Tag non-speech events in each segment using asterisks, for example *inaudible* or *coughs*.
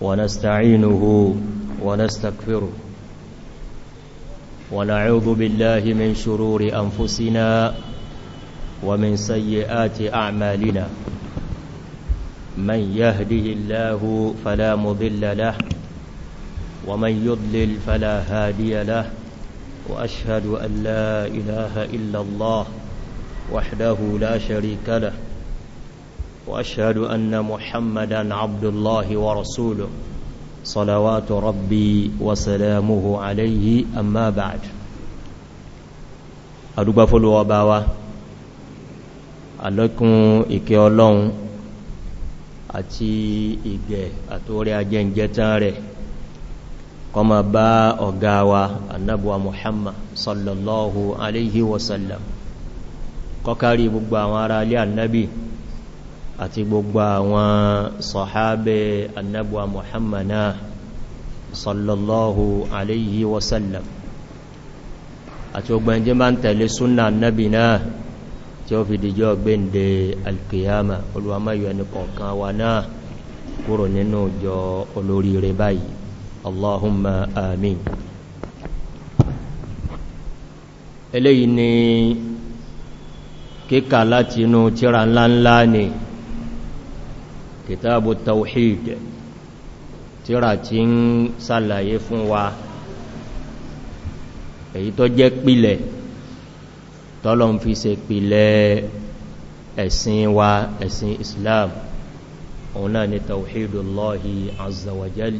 ونستعينه ونستكفره ونعوذ بالله من شرور أنفسنا ومن سيئات أعمالنا من يهده الله فلا مضل له ومن يضلل فلا هادي له وأشهد أن لا إله إلا الله وحده لا شريك له وأشهد أن محمدا عبد الله ورسوله صلوات ربي وسلامه عليه أما بعد أدوبا فلو وباوا ألكم إكي أولون أتي إيجي أتوري أجين جتاري kọmọ با ọ̀gá wa محمد صلى الله عليه وسلم قكاري gbogbo àwọn ará alẹ́ àti gbogbo àwọn sọ̀hábẹ̀ annabuwa muhammadu sallallahu alayhi wasallam àti gbogbo ẹjẹ́ máa ń tẹ̀lé súnà annabi náà tí ó fi dìjọ́ gbẹ́ndẹ̀ alkiyama olùwàmáyọ ẹni kọ̀ọ̀kan wa náà kúrò nínú ìjọ olórí rẹ báyìí eléyìí ni kíkà láti inú tíra ńláńlá ni kìtàbù tawhid tíra tí ń sàlàyé fún wa èyí tó jẹ́ pìlẹ̀ tọ́lọ̀n fi ṣe pìlẹ̀ ẹ̀sìn wa ẹ̀sìn islam òun náà ni tawhidullahi azza wa jal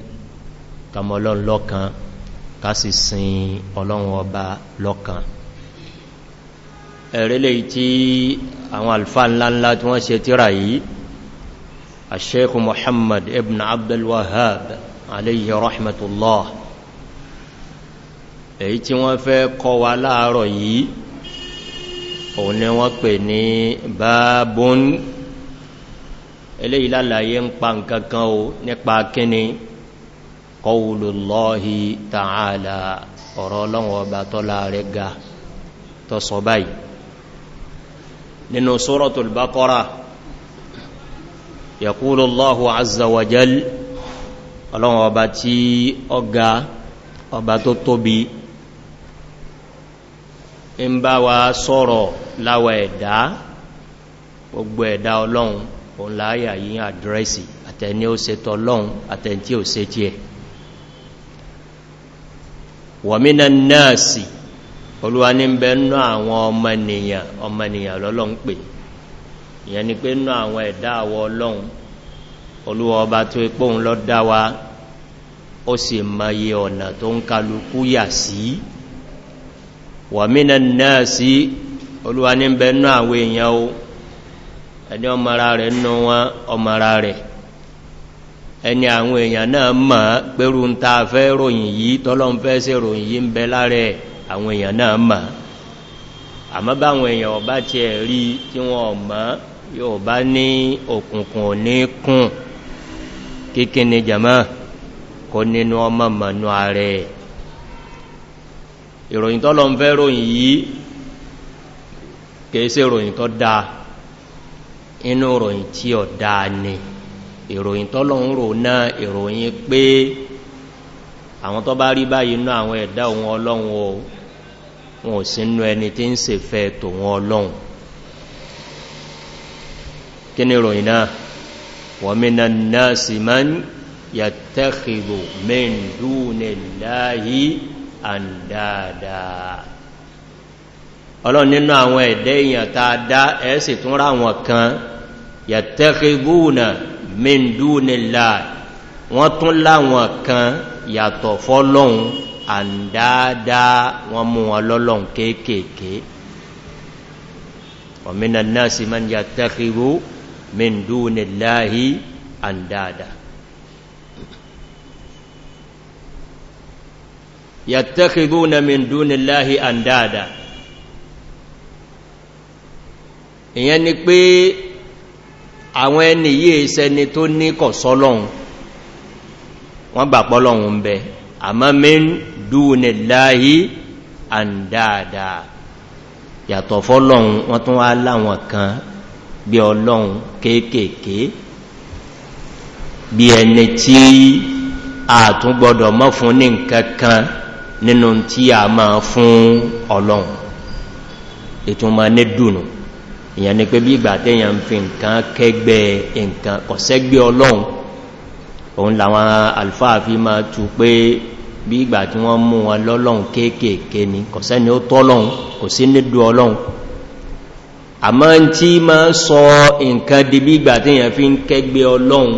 kamọlọ́n lọ́kan kásì sin ọlọ́run ọba lọ́kan ẹ̀rẹ́lẹ̀ tí àwọn alfa ńláńlá tí wọ́n ṣe tíra yìí الشيخ محمد ابن عبد الوهاب عليه رحمة الله èyí tí wọ́n fẹ́ kọ́ wa láàárọ̀ yìí òun ni wọ́n pè ní báábón eléyìí lálàyé ń pa nkankan o nípa kíni qawlullahi ta'ala ọ̀rọ̀ ọlọ́run ọba tọ́lá rẹ̀ ga tọ́sọ báyìí nínú suratul baqara yẹ̀kúlò lọ́hù azawajal ọlọ́run ọba tí ọga ọba tó tóbi ń bá wa sọ́rọ̀ láwọ ẹ̀dá gbogbo ẹ̀dá ọlọ́run òun láyà yí àdírẹ́sì àtẹni ó se tọ́lọ́run àtẹni ó se tí ẹ̀ wọ̀mínà náà ìyẹn ni pé nínú àwọn ẹ̀dá àwọ ọlọ́run olúwa ọba tó lọ dá wa ó sì mọye ọ̀nà tó ń kalukú yà sí wàmínà náà sí olúwa ní bẹ nínú àwọn èèyàn o ẹni ọmọra rẹ̀ nínú wọn ọmọra rẹ̀ ẹni àwọn èèyàn náà mọ̀ pẹ̀rù ń ta fẹ́ ròyìn yìí tọ́lọ́n fẹ́ yóò bá ní òkùnkùn ní kún kíkí ni jama kò nínú ọmọ mọ̀nú ààrẹ ìròyìn tọ́lọ ń fẹ́ ròyìn yìí kìí sí ìròyìn tọ́ dáa inú ìròyìn tí ọ̀ dáa ni ìròyìn tọ́lọ ń rò náà ìròyìn pé àwọn tó bá rí báyìí náà àwọn ẹ̀dá òun ọlọ́run wọn ò sínú ẹni tí ń ṣe fẹ́ tòun ọlọ́run kí ni ròyìn náà wọ́n mìnà náà sì máa ń yàtẹ́kìrò mẹ́ndú níláyí àndáadà ọlọ́run nínú àwọn ẹ̀dẹ́ èèyàn tààdá ẹ̀ẹ́sì tún ráwọn kan yàtẹ́kìrò mẹ́ndú níláyí wọ́n tún láwọn kan yàtọ̀ fọ́lọ́hun àndáadá wọ́n mú wọn lọ́lọ́hun kéékèèké ọ̀mìnà náà sì máa ń yàtẹ́kìrò mẹ́ndú min dúniláhí àndáadà yàtàkìdúnà min dúniláhí àndáadà ìyẹn ni pé àwọn ẹni yìí sẹni tó ní kọ̀ sọ́lọ́un wọ́n gbà pọ́lọ́un bẹ àmá min dúniláhí àndáadà yàtọ̀ fọ́lọ́un wọ́n tún wá láwọn kan bí ọlọ́run kéékèèké bí ẹni tí àtún gbọdọ̀ mọ́ fún ní nkankan nínú tí a máa fún ọlọ́run ìtúnmọ̀ ní dùnù ìyàn ni pé bí ìgbà tẹ́yàn fi nǹkan kẹgbẹ́ nǹkan kọ̀sẹ́gbẹ́ ọlọ́run òun làwọn alfáà fi máa tú pé bí ìgbà tí wọ́n mú wọn lọ́lọ́run kéékèèké ni kọ̀sẹ́ni ó tọ́lọ́run kò sí nídú ọlọ́run àmọ́ ń tí ma sọ nǹkan di bí ìgbà tí èyàn fi ń kẹgbẹ́ ọlọ́run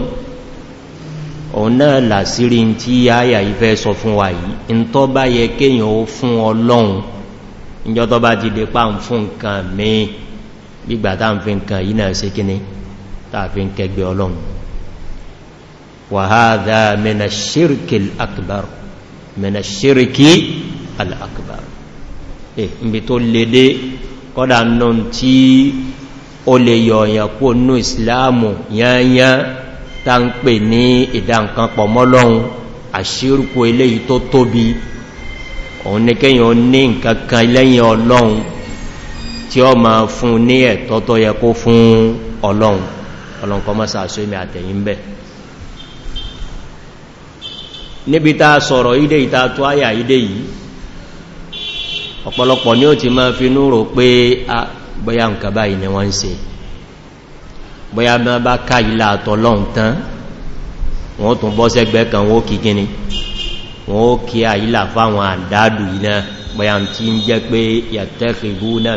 òun náà làsírí tí àyà ìfẹ́ sọ fún wa yìí in tó bá yẹ kéyàn ó fún ọlọ́run ìjọ tó bá ti dé pa ń fún nǹkan mìí gbígbà tá ń fi nǹkan yìí náà sí kíní tàà fi ń kẹgbẹ́ ọlọ́run kọ́dà nù tí ó lè yọ̀ọ̀yàn kó nú ìsìláàmù yányá ta ń pè ní ìdánkan pọ̀ mọ́lọ́un àṣírùkú eléyìí tó tóbi òun ní kéyàn ní nkankan lẹ́yìn ọlọ́un tí ó ma fún ní ẹ̀tọ́ tó yẹ kó fún ọlọ́un ọlọ́nkọ́ mọ́sá àṣírí àtẹ̀yìn bẹ̀ níbi ta sọ̀rọ̀ ìdè ìta tó áyà ìdè yìí ọ̀pọ̀lọpọ̀ ni ó ti máa fi núrò pé a bóyá nǹkan báyìí ni wọ́n ń ṣe bóyá bá bá ká ilá àtọ́lọ́un tán wọ́n tún bọ́ sẹ́gbẹ́ kan wó kí gíní wọ́n ó kí àìlà fáwọn àdádù iná bóyá tí ń jẹ́ pé yattakhiduna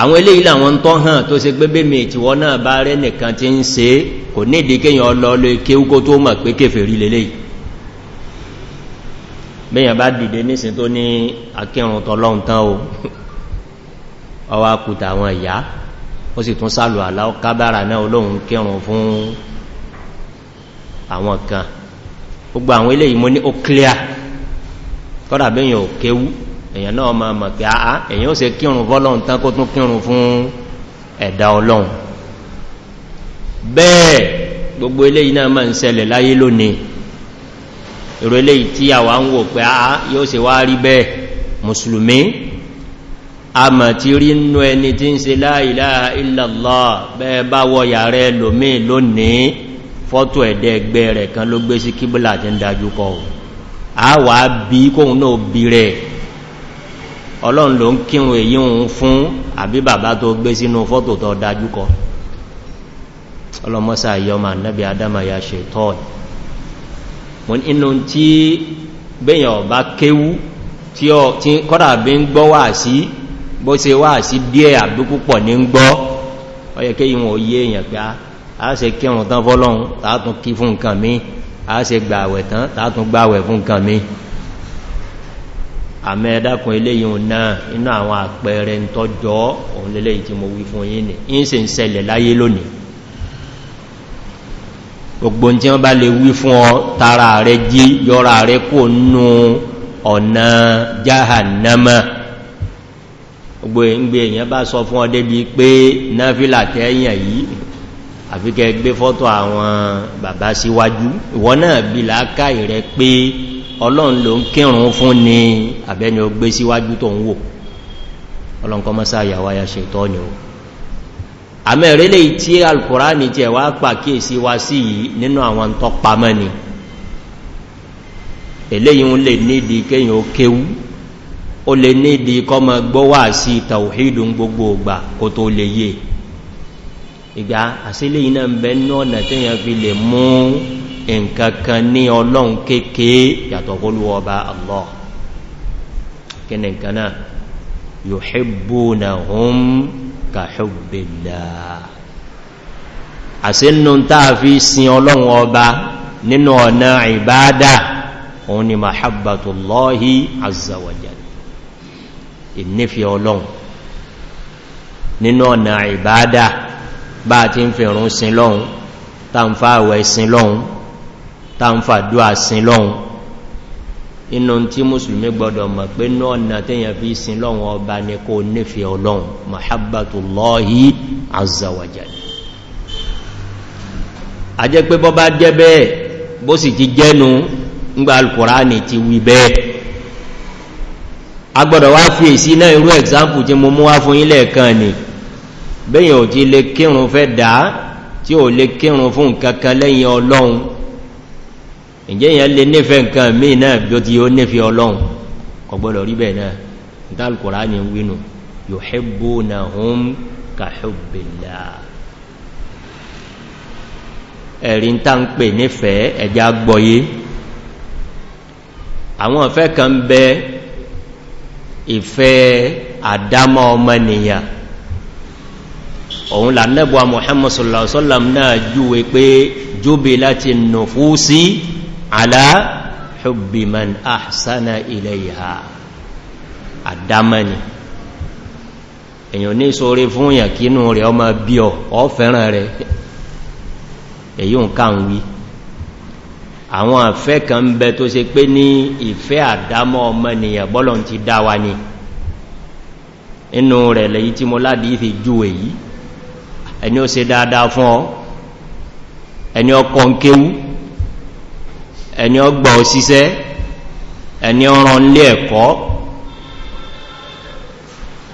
àwọn eléyìí làwọn tó hàn tó ṣe gbé bèmì tí wọ́n náà bá rẹ̀ nìkan ti ń ṣe kò ní ìdíkéyàn ọlọ́ọ̀lọ́ kéúkó tó mọ̀ pé kéfèrí lélẹ́yìí bẹ́yàn bá dìde nísìn tó ní akírun tọ́lọ́un tán o *laughs* ọwá kùtà àwọn ìyá ó sì èyàn náà ma mọ̀ pé àá èyàn ó se kírùn fọ́lọ́n tán kó tún kírùn fún ẹ̀dà ọlọ́run bẹ́ẹ̀ gbogbo eléyìí náà ma ń ṣẹlẹ̀ láyé lónìí ìrò eléyìí tí àwa ń wò pé àá yóò se wá rí bẹ́ẹ̀ mùsùlùmí a mọ̀ ti rí nú ẹni tí ń se la ilaha illallah bẹ́ẹ̀ bá wọ yàrá ẹlòmí lónìí fọ́tò ẹ̀dẹ́gbẹ́ rẹ̀ kan ló gbé sí kíbùlà tí ń dájú a wà bí kóhun ọlọ́run ló ń kírun èyí òun fún àbí bàbá tó gbé sínú fọ́tò tó dájúkọ ọlọ́mọ́sá yọmà náàbí adama ya ṣe tọ́ọ̀nì wọn inú tí gbẹ̀yàn ọba kéwú tí ọ tí kọ́dà bí ń gbọ́ wà sí bó ṣe wà sí díẹ̀ àbí púpọ̀ ní ń gbọ́ ọyẹ́kẹ́ àmẹ́ ẹ̀dàkùn eléyìn náà inú àwọn àpẹẹrẹ ń tọ́jọ́ òun lélẹ̀ tí mo wí fún yín ní in se ń sẹlẹ̀ láyé lónìí gbogbo tí wọ́n bá lè wí fún ọ tara rẹ jí yọra rẹ kò nú ọ̀nà jahannama gbogbo ọlọ́run ló ń kírùn fún ni àbẹ́ni ó gbé síwájú tó ń wò ọlọ́run kọ́ mọ́sá àyàwó ayá ṣe tọ́ ni ó àmẹ́rẹ́lẹ̀ tí alkùránì tí ẹ̀wà pàkíyèsí wá sí yìí nínú àwọn tọ́ ni eléyìn lè nídi kéyàn ó kéwú ó lè nídi kọmọ gbọ́wà sí tàwíìdùn gbogbo ògbà kò nkankan ní ọlọ́run kéèké yàtọ̀ olúwọba allah kí ni nkan náà yuhibbunahum ka hubbillah àsínú táà fi sin ọlọ́run ọba nínú ọ̀nà ìbádà òun ni mahabbatullahi azza wa jalla ìnífẹ́ ọlọ́run nínú ọ̀nà ìbádà bá ti ń fi rún sin lọ́hun tàǹfà àwẹ̀ sin lọ́hun ta ń fàdó àsìn lọ́hun inú tí musulmi gbọdọ̀ mọ̀ pé náà tẹ́yàn fi sin lọ́hun ọba ní kó nífẹ́ ọlọ́hun mahabbatullahi azawajal a jẹ́ pé bọ́ bá jẹ́ bẹ́ẹ̀ bó sì ti jẹ́nu ngbà alkùránì ti wí bẹ́ẹ̀ a gbọdọ̀ wá fi èsí náà irú example tí mo mú wá fún ilẹ̀ kan ni bẹ́yàn ò ti lè kírun fẹ́ dáa tí ò lè kírun fún nǹkankan lẹ́yìn ọlọ́run ǹjẹ́ èyàn lè nífẹ́ nǹkan mí náà bí ó ti ó nífẹ́ ọlọ́run ọgbọ́dọ̀ rí bẹ̀ náà ìtàlùkùrá ní wínú yuhibbunahum ka hubbillah ẹ̀rí ń tán pè nífẹ́ ẹ̀já gbọ́yé àwọn ọ̀fẹ́ kan bẹ ìfẹ́ àdámọ́ ọmọnìyàn òun lànẹ́bọ̀ Muhammad sallallahu àlá hubbiman ahsana ilayha àdámẹ́ni èyàn ní sórí fún èyàn kínú rẹ̀ ọmọ bí ọ ọ fẹ́ràn rẹ̀ èyí ń káà wí àwọn àfẹ́ kan ń bẹ tó ṣe pé ní ìfẹ́ àdámọ́ ọmọ nìyàn bọ́lọ̀ ti dáwa ni inú rẹ̀ lẹ́yìn tí mo ládi ìfẹ́ ju èyí ẹni ó ṣe dáadáa fún ọ ẹni ọkọ̀ ń kéwú ẹni ọgbà òṣìṣẹ́ ẹni ọ̀ràn lé ẹ̀kọ́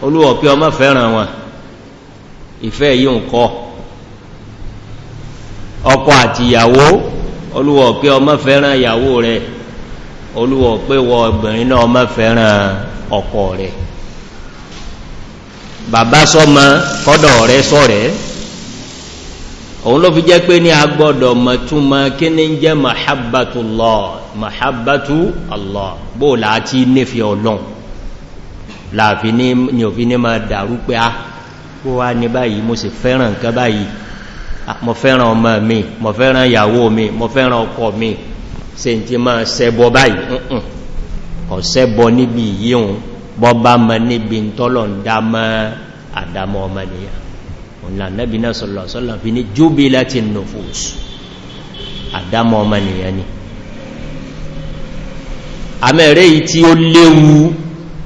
olúwọ̀pí ọmọ fẹ́ràn wọn ìfẹ́ yìí ń kọ́ ọkọ àti ìyàwó olúwọ̀pí ọmọ fẹ́ràn ìyàwó rẹ̀ olúwọ̀pí wọ obìnrin náà ọmọ fẹ́ràn ọkọ rẹ̀ bàbá sọ́mọ kọ́dọ̀ rẹ̀ sọ́rẹ̀ẹ́ òun ló fi jẹ́ pé ní agbọ́dọ̀ mọ̀túnmọ̀ kí ní jẹ́ mahabbatu Allah mahabbatu Allah bó láti nífẹ́ ọlọ́n láàfi ní òfin ní máa dàrú pé á ah, kó wá ní báyìí mo sì fẹ́ràn nǹkan báyìí ah, mo fẹ́ràn ọmọ mi mo fẹ́ràn ìyàwó mi mo fẹ́ràn ọkọ mi se ti máa ṣẹbọ báyìí kò níbi yíhun ònlà nẹ́bí náà sọ̀rọ̀ sọ́lọ̀ fi ní júbí láti nufus àdámọ́ ọmọ nìyàn ni àmẹ́rẹ́ yìí tí ó léwu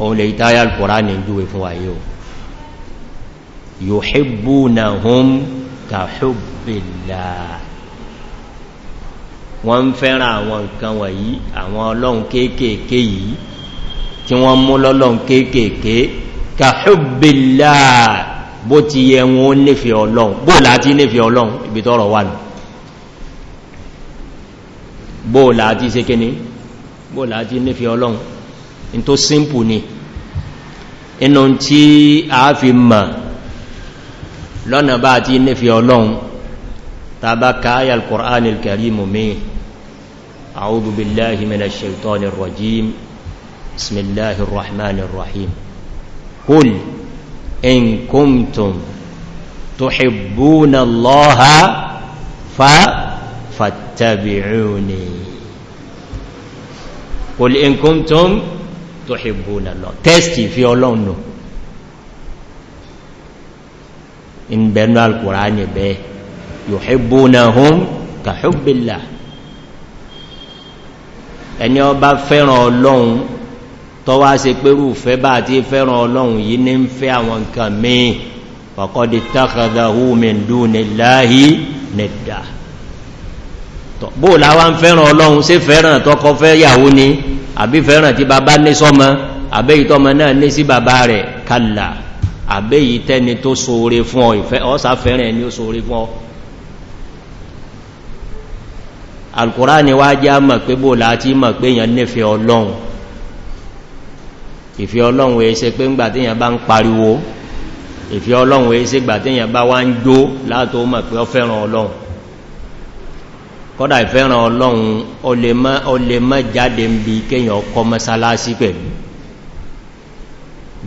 òun lè ìtayà alkùnrà ní ìjúwe fún wáyé o yuhibbunahum ka hubbillah wọ́n bó ti yẹ wọn ó nífẹ̀ẹ́ ọlọ́run bó láti nífẹ̀ẹ́ ọlọ́run ibi tọ́rọ wà nù bó láti ṣe kíní bó láti nífẹ̀ẹ́ ọlọ́run in tó simple ni inú tí a fi mọ̀ lọ́nà bá ti nífẹ̀ẹ́ ọlọ́run tàbá káyà al-Qur'an al-Karim mi a'udhu billahi minash shaitanir rajim bismillahir rahmanir rahim qul in kuntum tuhibbuna allaha fa fattabi'uni qul in kuntum tuhibbuna allah test fi Ọlọ́hun no in benu alqur'ani be yuhibbunahum ka hubbillah ẹni ó fẹ́ràn Ọlọ́hun tọ́ wá se pérú fẹ́ bá àti fẹ́ràn ọlọ́run yìí ní ń fẹ́ àwọn nǹkan mìí fọ̀kọ́dí takàdàhù mìndú ní láàáhí nìdá bó láwá ń fẹ́ràn ọlọ́run sí fẹ́ràn tọ́kọ fẹ́ yàwó ni àbí fẹ́ràn tí bàbá ní sọ́mọ àbẹ́yì tọ́mọ náà ní sí bàbá rẹ̀ kàlà àbẹ́yì tó sóore fún ọ ìfẹ́ ọ́sà fẹ́ràn ẹni ó sóore fún ọ alkùrá wá já mọ̀ pé bó láti mọ̀ pé èèyàn nífẹ́ ọlọ́run ìfẹ́ ọlọ́run ẹsẹ pé ńgbà tíyàn bá ń pariwo ìfẹ́ ọlọ́run ẹsẹ gbà tíyàn bá wá ń jó látó mọ̀ pé ọ fẹ́ràn ọlọ́run kọ́dà ìfẹ́ràn ọlọ́run o lè mọ́ jáde ń bi kéyàn ọkọ mọ́sálásí pẹ̀lú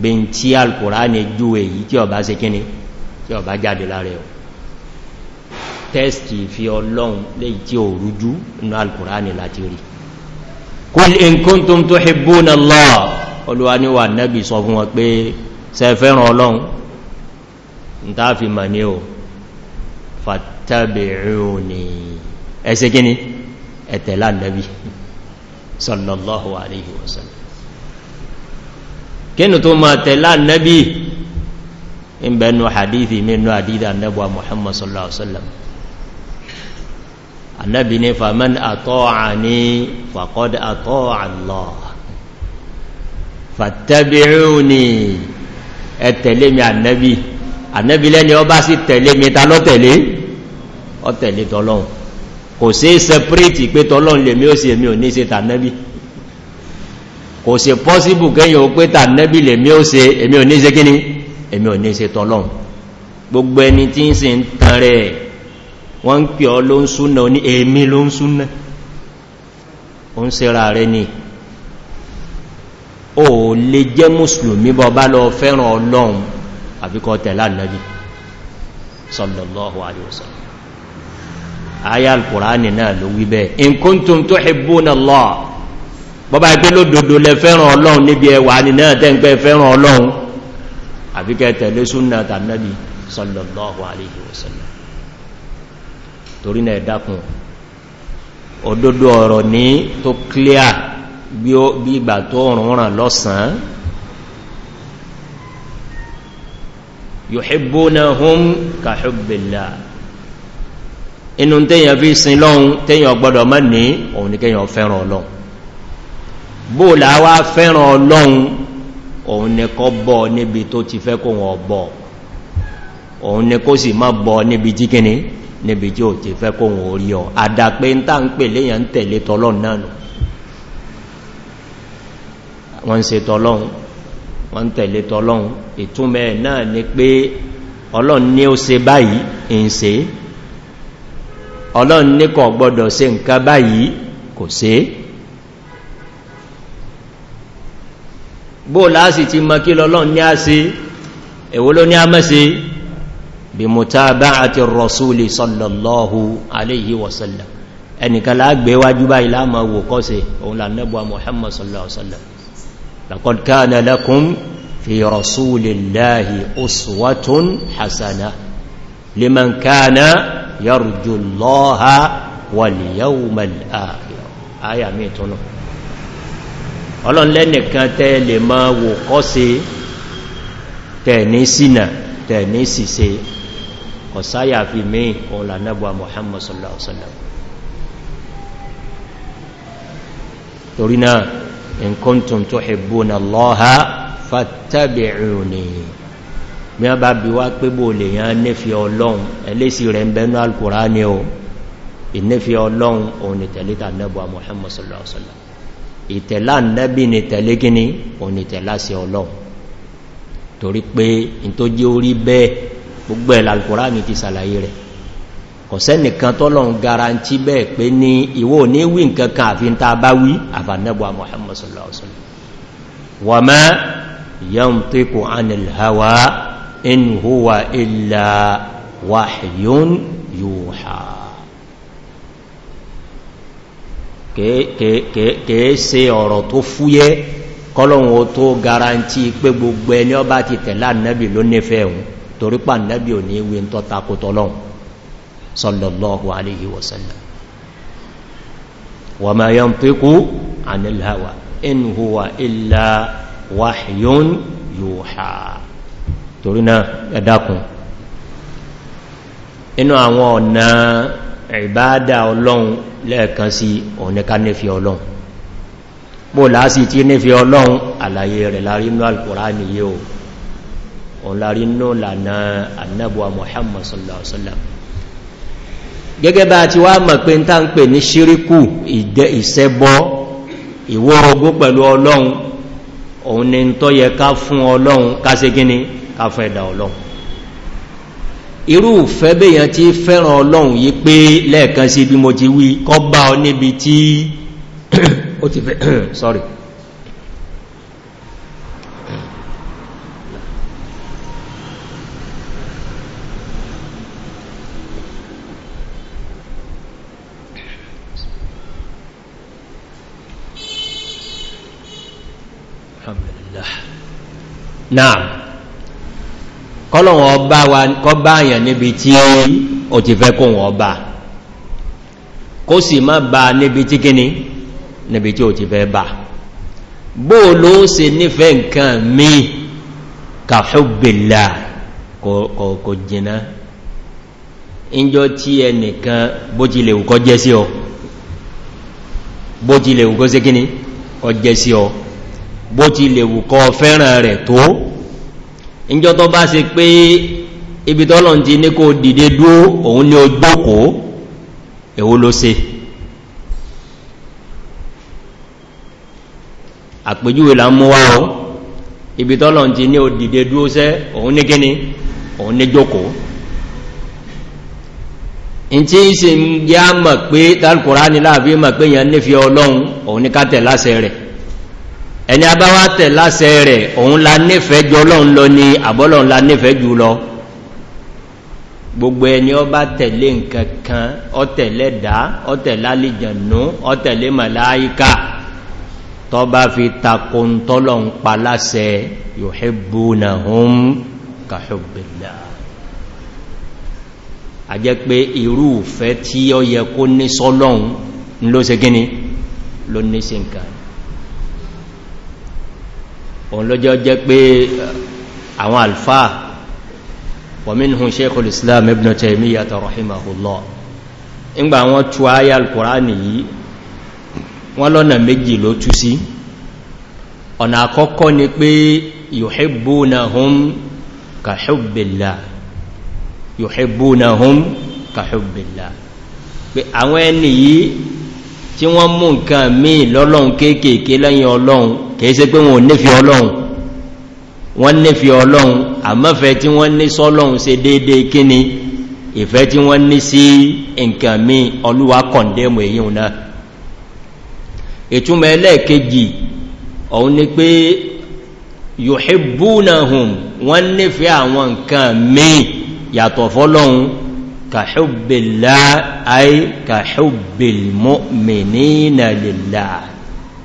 bí n tí alkùnrá ní jú èyí tí ọba se kíni tí ọba jáde lára ẹ̀ tẹ́sì fi ọlọ́run léyìí tí ò rújú inú alkùnrá ní láti rí kúl in kúntum tó hibbun allah olúwa ní wà nẹ́bì sọ fún wọn pé ṣé fẹ́ràn ọlọ́run ní tàà fi mà ní o fattabi'uni ẹ ṣe kíní ẹ tẹ̀lé Ànábì *laughs* sallallahu alayhi wa sallam kínú tó máa tẹ̀lé Ànábì in bẹnu hadithi alaihi wasallam annabi ne faman ata'ani faqad ata'a Allah fàtẹ́bìrúnì ẹ̀tẹ̀lé mi ànẹ́bì ànẹ́bì lẹ́ni ọba sí tẹ̀lé mi ta lọ́tẹ̀lé ọ̀tẹ̀lé tọ́lọ́un kò sí sẹpírìtì pé tọ́lọ́un lè mí ó sì èmi ò ní ṣe tànẹ́bì kò sí pọ́síbù kẹ́yìn ó pé tànẹ́bì lè mí ó ṣe èmi ò ní ṣe kíní èmi ò ní ṣe tọ́lọ́un gbogbo ẹni tí ń sin tan rẹ̀ wọ́n ń pè ọ ló ń súnà ní èmi ló ń súnà ó ń sẹ́ra rẹ̀ ni o lè jẹ́ mùsùlùmí bọ́ bá lọ fẹ́ràn ọlọ́run àfikọ́ tẹ̀lá nàbí sallallahu alaihi wasallam ayá alkùránì náà ló wí bẹ́ẹ̀ in kuntum tuhibbuna Allah bọ́bá ipé ló dòdò lẹ fẹ́ràn ọlọ́run níbi ẹwà ní náà tẹ́ǹpẹ́ fẹ́ràn ọlọ́run àfikẹ́ tẹ̀lé súnnà tànàbí sallallahu alaihi wasallam torí náà ẹ̀dákun òdodo ọ̀rọ̀ ní tó clear bí ìgbà tó rùn ràn lọ́sàn yuhibbunahum ka hubbillah inú tẹ́yàn fi sin lọ́hun tẹ́yàn gbọ́dọ̀ mọ́ ní òun ni kẹ́yàn fẹ́ràn ọlọ́hun bóòlà wá fẹ́ràn ọlọ́hun òun ni kọ́ bọ́ níbi tó ti fẹ́ kó wọn bọ́ òun ni kó sì má bọ́ níbi tí níbi tí ò ti fẹ́ kó wọn orí ọ àdàpé ń tà ń pè léyàn tẹ̀lé tọ́lọ́ náà wọ́n ń ṣe tọ́lọ́hun wọ́n ń tẹ̀lé tọ́lọ́hun ìtúnmẹ̀ náà ni pé ọlọ́n ní ó ṣe báyìí ń ṣe ọlọ́n ní kò gbọ́dọ̀ ṣe nǹkan báyìí kò ṣe bó láásì ti mọ kí lọ́lọ́n ní á ṣe èwo ló ní á mẹ́ṣe bí mutaba'ati sallallahu alayhi wasallam ẹnìkan láàgbéwájú báyìí láàmà wò kọ́ sí òun lànẹ́bùwa muhammad sallallahu alaihi لقد كان لكم في رسول الله أسوة حسنة لمن كان يرجو الله واليوم الآخر آية ميتون ọlọ́n lẹ́nìkan tẹ́ lè máa wò kọ́ sí tẹ̀ní sínà tẹ̀ní síse ọ̀sáyà fi mìí òun lànàbà Muhammad sallallahu alaihi wasallam torí náà in kuntum tuhibbuna Allaha fattabi'uni bí wọ́n bá bí wá pé bò lè yán nífẹ́ ọlọ́run ẹlẹ́sì rẹ̀ ń bẹnú al-Qur'ani o ìnífẹ́ ọlọ́run òun ni tẹ̀lẹ́ta nẹ́bọ̀ Muhammad sallallahu alaihi wasallam ìtẹ̀lá nẹ́bí ni tẹ̀lé gíní òun ni tẹ̀lá sí ọlọ́run torí pé in tó jẹ́ orí bẹ́ẹ̀ gbogbo ẹ̀lá al ti sàlàyé rẹ̀ kọ̀sẹ́nìkan tọ́lọ̀un garanti bẹ́ẹ̀ pé ní ìwọ ní wí nkankan àfi ń ta bá wí àbànẹ́bọ̀ Muhammad sallallahu alaihi wasallam wa ma yantiqu anil hawa in huwa illa wahyun yuha kèé ṣe ọ̀rọ̀ tó fúyẹ́ kọ́lọ̀un tó garanti pé gbogbo ẹni ó bá ti tẹ̀lá nẹ́bì ló nífẹ̀ẹ́ torípa nẹ́bì ò ní wí ń tọ́ta kò صلى الله عليه وسلم. وما ينطق عن الهوى إن هو إلا وحي يوحى. yuha torí náà ẹ dákun inú àwọn ọ̀nà ìbádà ọlọ́run lẹ́ẹ̀kan sí ọ̀nẹ́ká nífẹ́ ọlọ́run bó láásì tí nífẹ́ ọlọ́run àlàyé rẹ̀ lárí inú al-Qur'ani yìí o òun lárí inú lànà annabuwa Muhammad sallallahu alaihi wasallam gẹ́gẹ́ bá ti wá mọ̀ pé ń tá ń pè ní ṣíríkù ìṣẹbọ ìwọ́rogún pẹ̀lú ọlọ́run òun ni tó yẹ ká fún ọlọ́run ká gíní ká fún ẹ̀dà ọlọ́run irú fẹ́ bèèyàn ti fẹ́ràn ọlọ́run yí pé lẹ́ẹ̀kan sí bí mo ti wí kọ́ bá ọ níbi tí *coughs* ó ti fẹ́ *coughs* sorry náà kọ́lọ̀wọ̀n ọba wa kọ́ bá àyàn níbi tí ó ti fẹ́ kó wọn ọba kó sì má bá níbi tí kíní níbi tí ó ti fẹ́ bá bó ló se nífẹ́ nǹkan mí kàfúbìlà kò jìnà ìjọ tí ẹnìkan bójìlẹ̀ òkọ́ jẹ́ sí ọ bójìlẹ̀ òkọ́ sí kíní ọ jẹ́ sí ọ bó ti lè wù kọ́ fẹ́ràn rẹ̀ tó níjọ́ tó bá ṣe pé ibi tọ́lọ̀ ti ní kó dìde dúó òun ní ojókó èwo ló se àpèjúwe là ń mú wá ọ ibi tọ́lọ̀ ti ní òdìde dúó sẹ́ òun ní kíni òun ní jókó in tí ń se ń yá mọ̀ pé tálkùrá ní láàfí mọ̀ pé yẹn nífẹ́ ọlọ́run òun ní kátẹ̀ lásẹ̀ rẹ̀ ẹni abáwá tẹ̀ lásẹ̀ rẹ̀ òun la nífẹ̀ẹ́ jù ọlọ́run lọ ni àbọ́lọ́run la nífẹ̀ẹ́ jù lọ gbogbo ẹni ọ bá tẹ̀lé nǹkan kan ọtẹ̀lẹ́ dá ọtẹ̀lálìjànú ọtẹ̀lẹ́ màláíkà tọ́ bá fi takò ń tọ́lọ̀ ń pa lásẹ̀ yuhibbunahum ka hubbillah a jẹ́ pé òun lọ́jọ́ jẹ́ pé uh, àwọn alfa wàmínhùn sheikhul islam ibn taymiyyata rahimahullah ìgbà wọn tú ayá alkùránì yìí wọ́n lọ́nà méjì ló tú sí ọ̀nà àkọ́kọ́ ni pé yuhibbunahum ka hubbillah yuhibbunahum ka pé àwọn ẹni yìí tí wọ́n mú nǹkan míì lọ́lọ́run kéèkèé lẹ́yìn ọlọ́run kìí ṣe pé wọn ò nífẹ́ ọlọ́run wọ́n nífẹ́ ọlọ́run àmọ́fẹ́ tí wọ́n ní sọ́lọ́run ṣe déédé kíni ìfẹ́ tí wọ́n ní sí nǹkan míì ọlúwa kọ̀ndẹ́mù èyí náà kàṣùbìlá ay kàṣùbìlmọ́mìnínà lèlá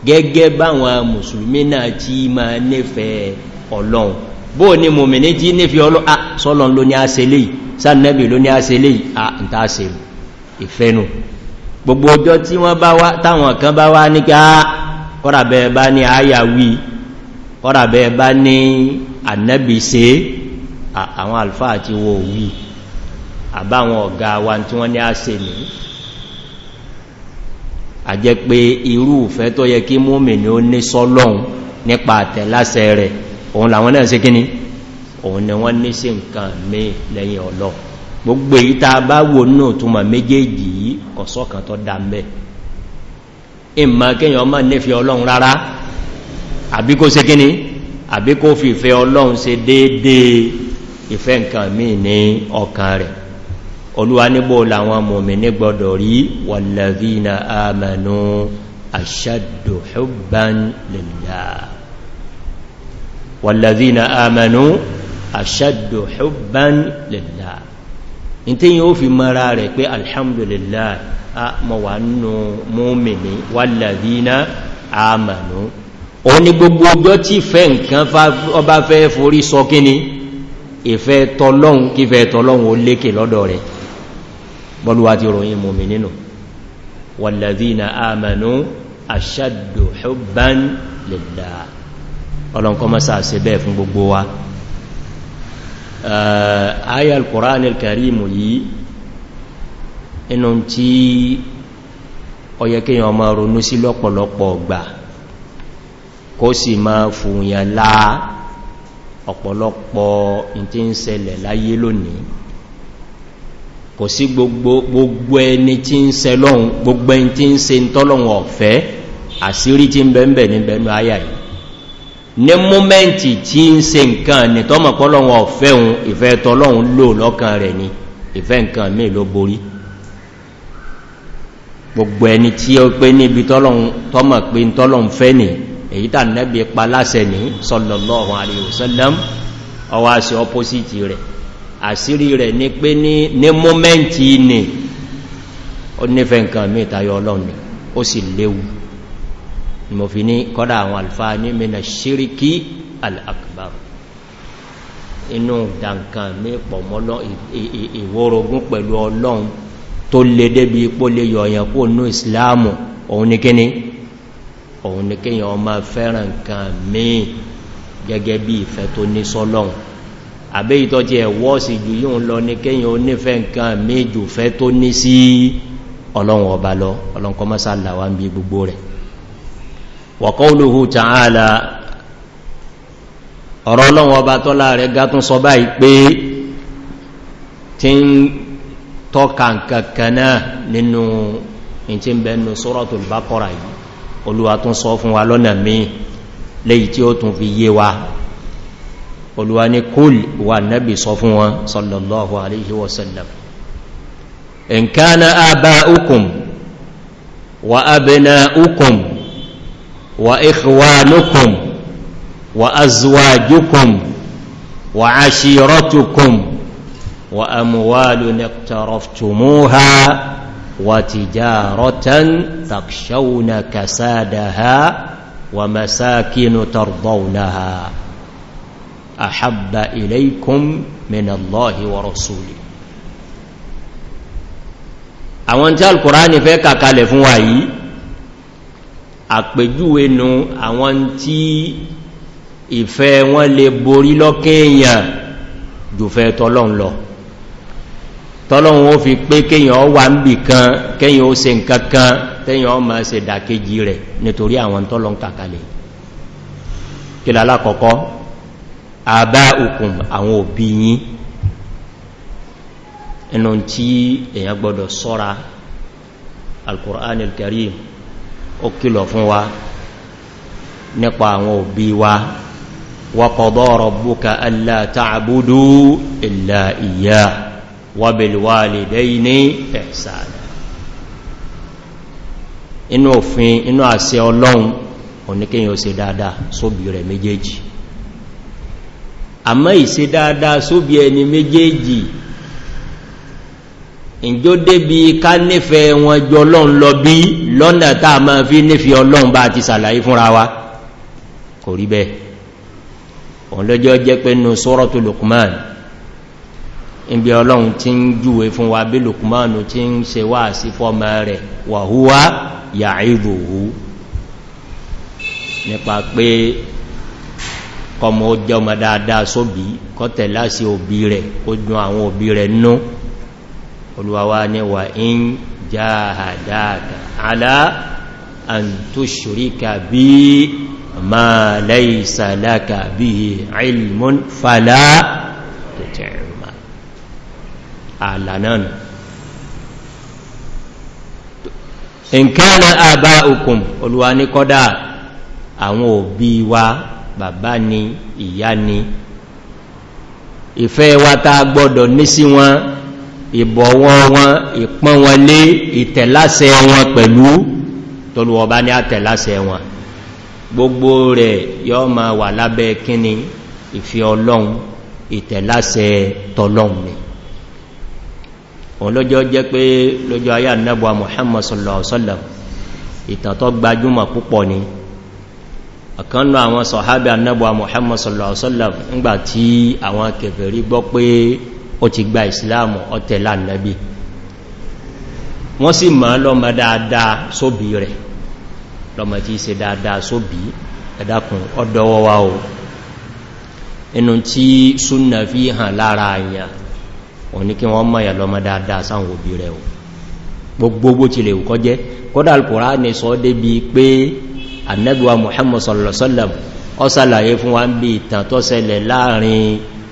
gẹ́gẹ́ báwọn musulmi náà tí ma nífẹ̀ẹ́ ọlọ́run bóò ni mọ̀mìní tí nífẹ̀ẹ́ ọlọ́run ah, ló ní àṣẹlẹ̀ sánẹ́bì ló ní àṣẹlẹ̀ àtàṣẹ̀lù ah, ìfẹ́nu gbogbo ọjọ́ tí wọ́n bá wá táwọn kan bá wá ní ká ah, ọ̀ràbẹ̀ bá ní bá ní àbáwọn ọ̀gá wa tí wọ́n ní àṣẹ ní a jẹ́ pé irú ìfẹ́ tó yẹ kí múmi ní ó ní sọ́lọ́un nípa àtẹ̀láṣẹ rẹ̀ òun làwọn náà sí kíní òun ni wọ́n ní sí nǹkan mé lẹ́yìn ọlọ́ gbogbo èyí ta bá wò náà túnmọ̀ méjèèjì yìí kọ̀sọ́kan tó dá mẹ́ ìmọ̀ kíyàn ọmọ nífẹ́ ọlọ́run rárá àbí kó sí kíní àbí kó fi ìfẹ́ ọlọ́run ṣe déédéé ìfẹ́ nǹkan mí ní ọkàn rẹ̀ olúwa níbò làwọn mọ̀mìnì gbọdọ̀ rí wàlàdínà àmànú àṣàdù hubban lillah wàlàdínà àmànú àṣàdù hubban lillah in tí yíó fi mara rẹ̀ pé alhamdulillah a mọ̀wà nù mọ̀mìnì wàlàdínà àmànú o ni gbogbo ọjọ́ tí fẹ́ nǹkan ọba fẹ́ forí sọ kíni ìfẹ́ tọlọ́hun kífẹ́ tọlọ́hun ó lékè lọ́dọ̀ rẹ̀ bọ́lúwà ti ròyìn mọ̀mí nínú wàlàdínà àmànú àṣàdù hubban lillah ọlọ́nkọ́ masá se bẹ́ẹ̀ fún gbogbo wa ayal kùránil karimu yìí inú tí ọyẹ́kẹ́yàn ọmọ ronú sí lọ́pọ̀lọpọ̀ ọgbà kó sì máa fòyàn láà ọ̀pọ̀lọpọ̀ ìtí ń ṣẹlẹ̀ láyé lónìí kò sí gbogbo ẹni tí ń ṣe lọ́hun gbogbo ẹni tí ń ṣe tọ́lọ́hun ọ̀fẹ́ àsírí tí ń bẹ̀m̀bẹ̀ ní bẹ̀m̀ ayà yìí ní mọ́mẹ́ntì tí ń ṣe nǹkan ní tọ́mọ̀ pọ́lọ́hun ọ̀fẹ́ hun ìfẹ́ tọ́lọ́hun lò lọ́kàn rẹ̀ ni ìfẹ́ nǹkan mí ló borí gbogbo ẹni tí ó pé níbi tọ́mọ̀ pé tọ́lọ́hun ni sallallahu alaihi wasallam ọwá sí ọpọ́sìtì àṣírí rẹ̀ ní pé ní mọ́mẹ́ntì ní ó nífẹ́ nǹkan mí tayọ ọlọ́ni ó sì léwu mo fi ní kọ́dá àwọn alfa ní mẹ́nà ṣíríkí al'akbar inú dankan mí pọ̀mọ́lọ́ ìwórogún pẹ̀lú ọlọ́run tó lè débi ipò lè yọ̀yàn kó nú ìsìláàmù òun ní kíní òun ní kíyàn ọmọ fẹ́ràn nǹkan gẹ́gẹ́ bí ìfẹ́ tó ní sọ́lọ́run àbẹ́ ìtọ́ ti ẹ̀wọ́ sí jù yíò lọ ní kéyàn ó nífẹ́ nǹkan méjù fẹ́ tó ní sí ọlọ́run ọba lọ ọlọ́run kọmọ́sá làwá ń bí gbogbo rẹ̀ wọ̀kọ́lùhù tààlà ọ̀rọ̀ ọlọ́run ọba tọ́lá rẹ̀ gátún sọ báyìí pé tí ń tọ́ka nkankaná nínú ìtí ń bẹnu sọ́rọ̀tù bákọ́rà yìí tí ó tún fi yé wa olúwa ní kúl wà nábì sọ fún wọn sallallahu alaihi wasallam in ká na kana ukùn wa abìnà ukùn wa ikhwanukum wa azwajukum wa ashiratukum wa amwalun iqtaraftumuha wa tijaratan takshawna kasadaha wa masakinu tardawnaha àhábà ilaykum minallahi wa rasulihi àwọn tí alkùránì fẹ́ kàkalẹ̀ fún wa yìí àpèjúwe nù àwọn tí ìfẹ́ wọn lè borí lọ́kẹ́yàn jùfẹ́ tọ́lọ́n lọ tọ́lọ́n ó fi pé kéyàn wà ń bì kan kéyàn ó ṣe nǹkan tẹ́yàn ó máa ṣe dàkejì rẹ̀ nítorí àwọn tọ́lọ́n kàkalẹ̀ kí lálákọ̀ọ́kọ́ àbá òkùn àwọn òbí yín ẹnu tí èyàn gbọdọ̀ sọ́ra alkùnrin alkarim ó kìlọ̀ fún wa nípa àwọn òbí wa wọ́kọ̀dọ́ rọ̀bùka allá tààbúdú ìlà ìyá wọ́bẹ̀lúwà lè dẹ́yí ní ẹ̀sàdá inú òfin inú àṣẹ ọlọ́run oníkẹyàn ó dáadáa sóbí rẹ̀ méjèèjì àmọ́ ìṣe dáadáa sóbi ẹni méjèèjì ìjó débi ká nífẹ̀ẹ́ wọn jọ ọlọ́run lọ bí lọ́nà táà máa fi nífẹ̀ẹ́ ọlọ́run bá ti sàlàyé fúnra wa kò rí bẹ́ẹ̀ òun lọ́jọ́ jẹ́ pé nù sọ́rọ̀tù Luqman ibi ọlọ́run ti ń júwe fún wa bí Luqman ti ń ṣe wá sí fọ́mọ rẹ̀ wa huwa nípa pé kọmọ ó jẹ́ ọmọ dáadáa sóbí kọ́tẹ̀ láti òbí rẹ̀ ó dùn àwọn òbí rẹ̀ nú olúwàwá ní wà ń jáhàdáàkà alá an tushrika bí ma laysa laka bí ilmun fàlá tẹ̀tẹ̀rìmà àlànánù in kana aba'ukum olúwa ní kọ́dá àwọn òbí wa bàbá ni ìyá ni ìfẹ́ wa ta gbọ́dọ̀ ní sí wọn ìbọ̀wọ̀ wọn ìpọ́n wọn lé ìtẹ̀láṣẹ wọn pẹ̀lú tolúwọba ní àtẹ̀láṣẹ wọn gbogbo rẹ̀ yọ́ ma wà lábẹ́ kíni ìfẹ́ ọlọ́run ìtẹ̀láṣẹ tọlọ́run ni olójọ́ jẹ́ pé lójọ́ ayá nẹ́bọ̀ sallallahu alaihi wasallam ìtàn tó àkànnà àwọn sọ̀hábẹ̀ annabuwa muhammad sallallahu alaihi wasallam ńgbà tí àwọn kèfèrí gbọ́ pé ó ti gba ìsìláàmù ọ̀tẹ̀lá annabi wọ́n sì ma lọ́mọ dáadáa sóbí rẹ̀ lọ́mọ tí ṣe dáadáa sóbí ẹ̀dàkùn ọdọ́wọ́wá o inú tí súnà fi hàn lára àyà annabuwa muhammad sallallahu ọ sàlàyé fún wa ń bí ìtàn tó sẹlẹ̀ láàrin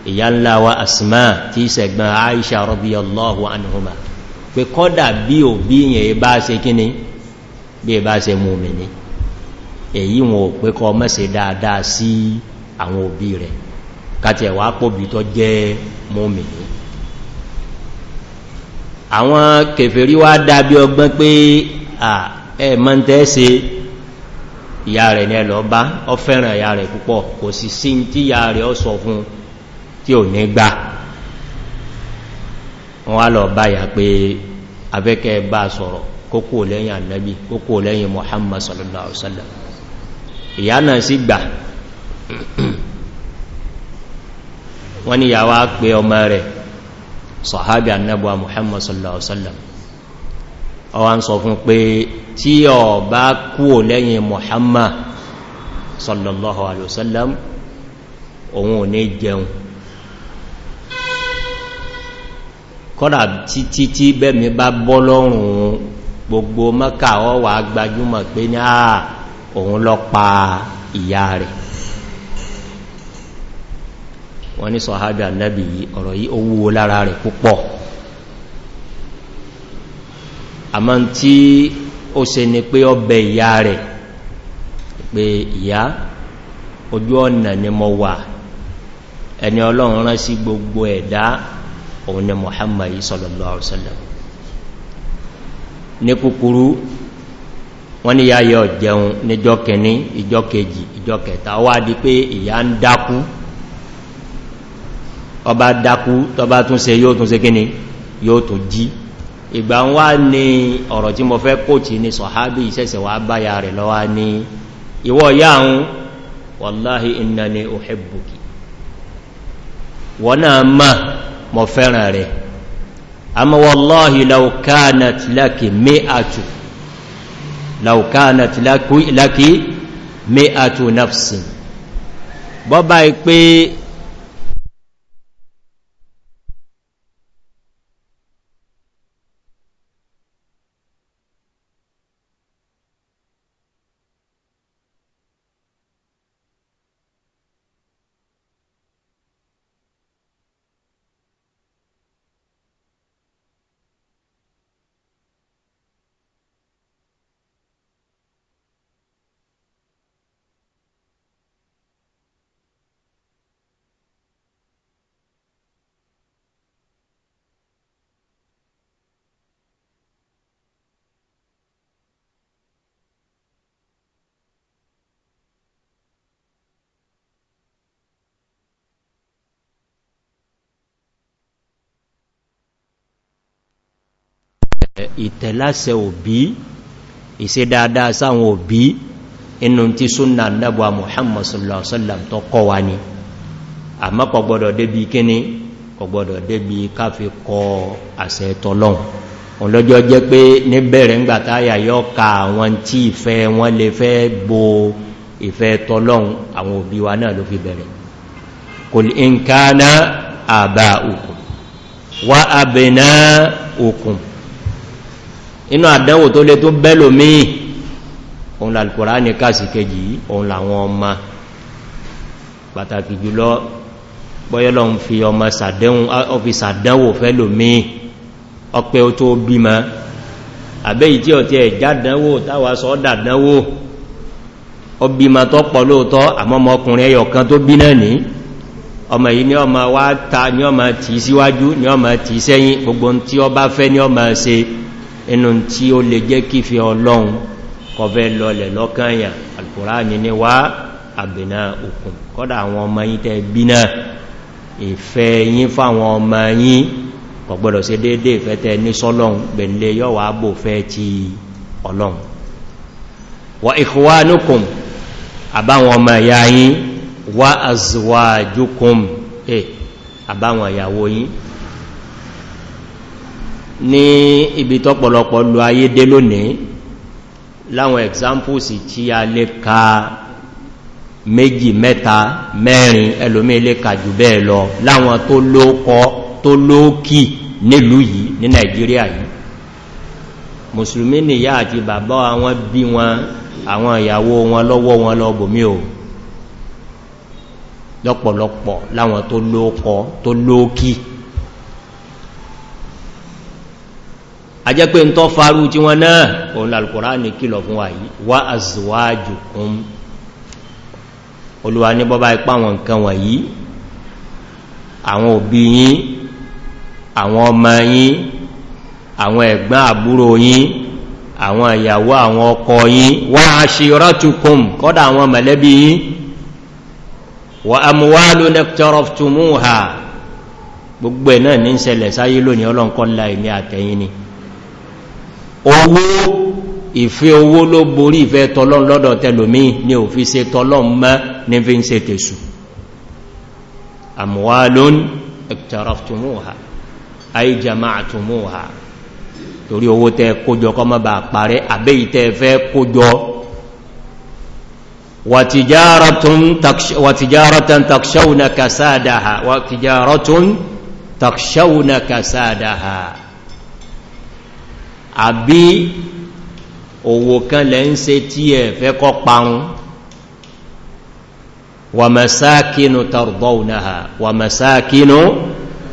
ìyá ńlá wa asma tí sẹ̀gbọ́n aisha radiyallahu anhuma pé kọ́dà bí ò bí yẹn bá ṣe kíní bí bá ṣe mùmìnì èyí wọn ò pé kọ mẹ́sẹ̀ dáadáa sí àwọn òbí rẹ̀ káti ẹ̀wà pòbí tó jẹ́ mùmìnì àwọn ìyá rẹ̀ ní ẹlọ bá ọ fẹ́ràn ìyá rẹ̀ púpọ̀ kò sì sí tí ìyá rẹ̀ ọ sọ fún tí ò ní gbà wọ́n wá lọ bá yà pé abẹ́kẹ́ bá sọ̀rọ̀ kókò lẹ́yìn annabi kókò lẹ́yìn muhammad sallallahu alaihi wasallam ìyá náà sì gbà wọ́n ni yà wá pé ọmọ rẹ̀ sọ̀hábì annabuwa muhammad ọwá ń sọ fún pé tí ọ bá kúò lẹ́yìn Muhammad sallallahu alaihi wasallam òun ò ní jẹun kọ́dà títí tí bẹ́mi bá bọ́ lọ́rùn gbogbo Mẹ́kà ọ wà gbajúmọ̀ pé ní àà òun lọ pa ìyá rẹ̀ wọ́n ní sọ̀hádà nẹ́bì ọ̀rọ̀ yìí ó wúwo lára rẹ̀ púpọ̀ àmá tí ó se ni pé ọbẹ̀ ìyá rẹ̀ pé ìyá ojú ọ̀nà ni mo wà ẹni ọlọ́run rán sí gbogbo ẹ̀dá òun ni Muhammad sallallahu alaihi wasallam ní kúkúrú wọ́n ní yáyẹ ọ̀jẹun níjọ́ kẹni ìjọ́ kejì ìjọ́ kẹta wá di pé ìyá ń dákú ọba dákú tọba tún ṣe yóò tún ṣe kíni yóò tún jí ìgbà ń wá ní ọ̀rọ̀ tí mo fẹ́ kòtì ní sọ̀hábí ìṣẹ́sẹ̀ wà báyà rẹ̀ lọ́wà ní ìwọ̀ yáhùn wàláhí iná ni ó hẹ́bùkì wọ́n náà má fẹ́ràn rẹ̀ ìtẹ̀láṣẹ òbí ìṣe dáadáa sáwọn òbí inú tí súnnà nẹ́bà muhammad sallallahu alaihi wasallam tó kọ́ wa ni àmọ́ kò gbọdọ̀ débi kíní kò gbọdọ̀ débi káfí kọ àṣẹ tọ́lọ́un ọlọ́jọ́ jẹ́ pé níbẹ̀rẹ̀ ńgbàtáyà yọ́ ka àwọn tí ìfẹ́ wọn lè fẹ́ bo ìfẹ́ tọ́lọ́un àwọn òbí wa náà ló fi bẹ̀rẹ̀ kòl àbá òkùn wá àbẹ̀ná òkùn inú àdánwò tó lé tó bẹ́lò míì òun lalkùnrà ní káàsì kejì òun làwọn ọmọ pàtàkì jùlọ bọ́yọ́lọ́ ń fi ọmọ sàdánwò fẹ́lò míì ọpẹ́ ó tó bímọ àbẹ́ ìtí ọ̀tí ẹ̀ jádánwò táwà sọ dàdánwò ọbímọ ọmọ yìí ni ọmọ wá ta ní ọmọ tí síwájú ní ọmọ tí sẹ́yìn gbogbo tí ọ bá fẹ́ ní ọmọ se inú tí ó lè jẹ́ kí fi ọlọ́run kọfẹ́ lọlẹ̀ lọ́kànyà alkùránì ní wá àbìnà òkun kọ́dà àwọn ọmọ yí tẹ́ bínà ìfẹ́ yí fáwọn ọmọ yí kọ̀gbọ́dọ̀ sí dédé ìfẹ́ tẹ́ ní sọ́lọ́run ní ibi tọ́pọ̀lọpọ̀ lo ayé dé lónìí láwọn examples tí a lè ka méjì mẹ́ta mẹ́rin ẹlòmí lè ka jù bẹ́ẹ̀ lọ láwọn tó lóókọ tó lóókì nílùú yìí ní Nàìjíríà yìí mùsùlùmí nìyá àti bàbá àwọn bí wọn àwọn ìyàwó wọn lọ́wọ́ wọn lọ́bòmí o lọ́pọ̀lọpọ̀ láwọn tó lóókọ tó lóókì ajẹ́ pé ń tọ́ farú tí wọ́n náà òun alkùnránì kìlọ̀ fún wa yìí wá àzíwájú kún olúwa ní bọ́bá ipá wọn nǹkan wọ̀nyí àwọn òbí yín àwọn ọmọ yín àwọn ẹ̀gbọ́n àbúrò yín àwọn ìyàwó àwọn ọkọ yín wá aṣírọ́tukùn kọ́dà àwọn mẹ̀lẹ́bí yín wà amúwálò nẹ́kítọ́rọ̀ftùmúhà gbogbo ní ni owó ìfẹ́ owó ló borí ìfẹ́ tọ́lọ́n lọ́dọ̀ tẹlòmí ní ò fi ṣe tọ́lọ́n mọ́ ní fi ń ṣe tèṣù àmúwálón ẹ̀kùtàràftùmúhà àìjàmáàtùmúhà torí owó tẹ kójọ kọ́ mọ́ bá parẹ́ àbẹ́ ìtẹ́ fẹ́ kójọ wàtìjáratan takṣáuna àbí òwò kan lẹ ń ṣe tí ẹ fẹ́ kọ́ parun wà masákínú tardawnaha wà masákínú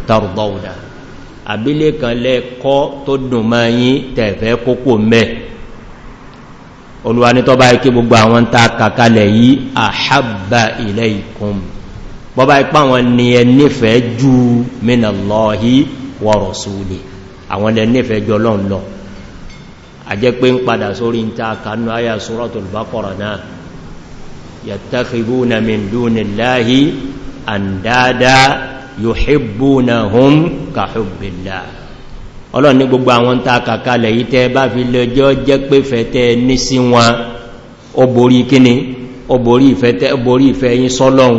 tardawnaha àbílé kan lẹ kọ́ tó dùn máa yí tẹ̀fẹ́ kókò mẹ́ olúwa ní tọ́bá ikú gbogbo àwọn ta kàkalẹ̀ yìí ahabba ilaykum bọ́bá ipá wọn ni ẹ nífẹ̀ẹ́ jù minallahi wa rasuli àwọn lẹ nífẹ̀ẹ́ jọ lọ́nlọ́ọ̀ àjẹ́ pé ń padà sórí ta kanú ayá suratul Baqara náà yattakhiduna min dunillahi andada yuhibbunahum ka hubbillah ọlọ́run ní gbogbo àwọn ta kàkalẹ̀ yìí tẹ́ bá fi lọ́jọ́ jẹ́ pé fẹ́tẹ́ ní sí wọn ó borí kíni ó borí ìfẹ́ yín sọ́lọ́run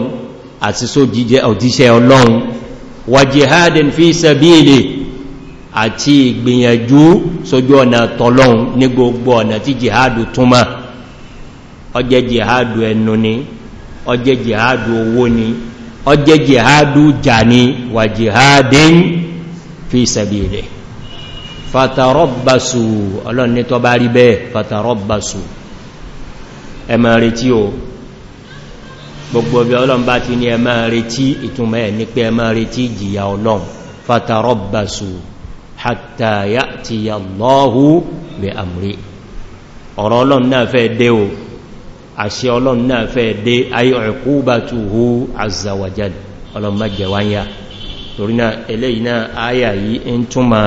àti sójíjẹ́ òjíṣẹ́ ọlọ́run wa jihadin fi sabili àti ìgbìyànjú sójú ọ̀nà tọ́lọ́un ní gbogbo ọ̀nà tí jihadu túnmà ọjẹ́ jihadu ẹnu ni ọjẹ́ jihadu owó ni ọjẹ́ jihadu jà ni wà jihadin fi sabilih fatarọ́bàsù ọlọ́ni tó bá rí bẹ́ẹ̀ fatarọ́bàsù ẹmà retí o gbogbo bí ọlọ́n bá ti hatta ya'tiya Allahu bi amri ọ̀rọ̀ ọlọ́run náà fẹ́ dé o àṣẹ ọlọ́run náà fẹ́ dé ayé uqubatuhu azza wa jal ọlọ́mọ jẹwáyá torí náà eléyìí náà áyà yìí ń túnmà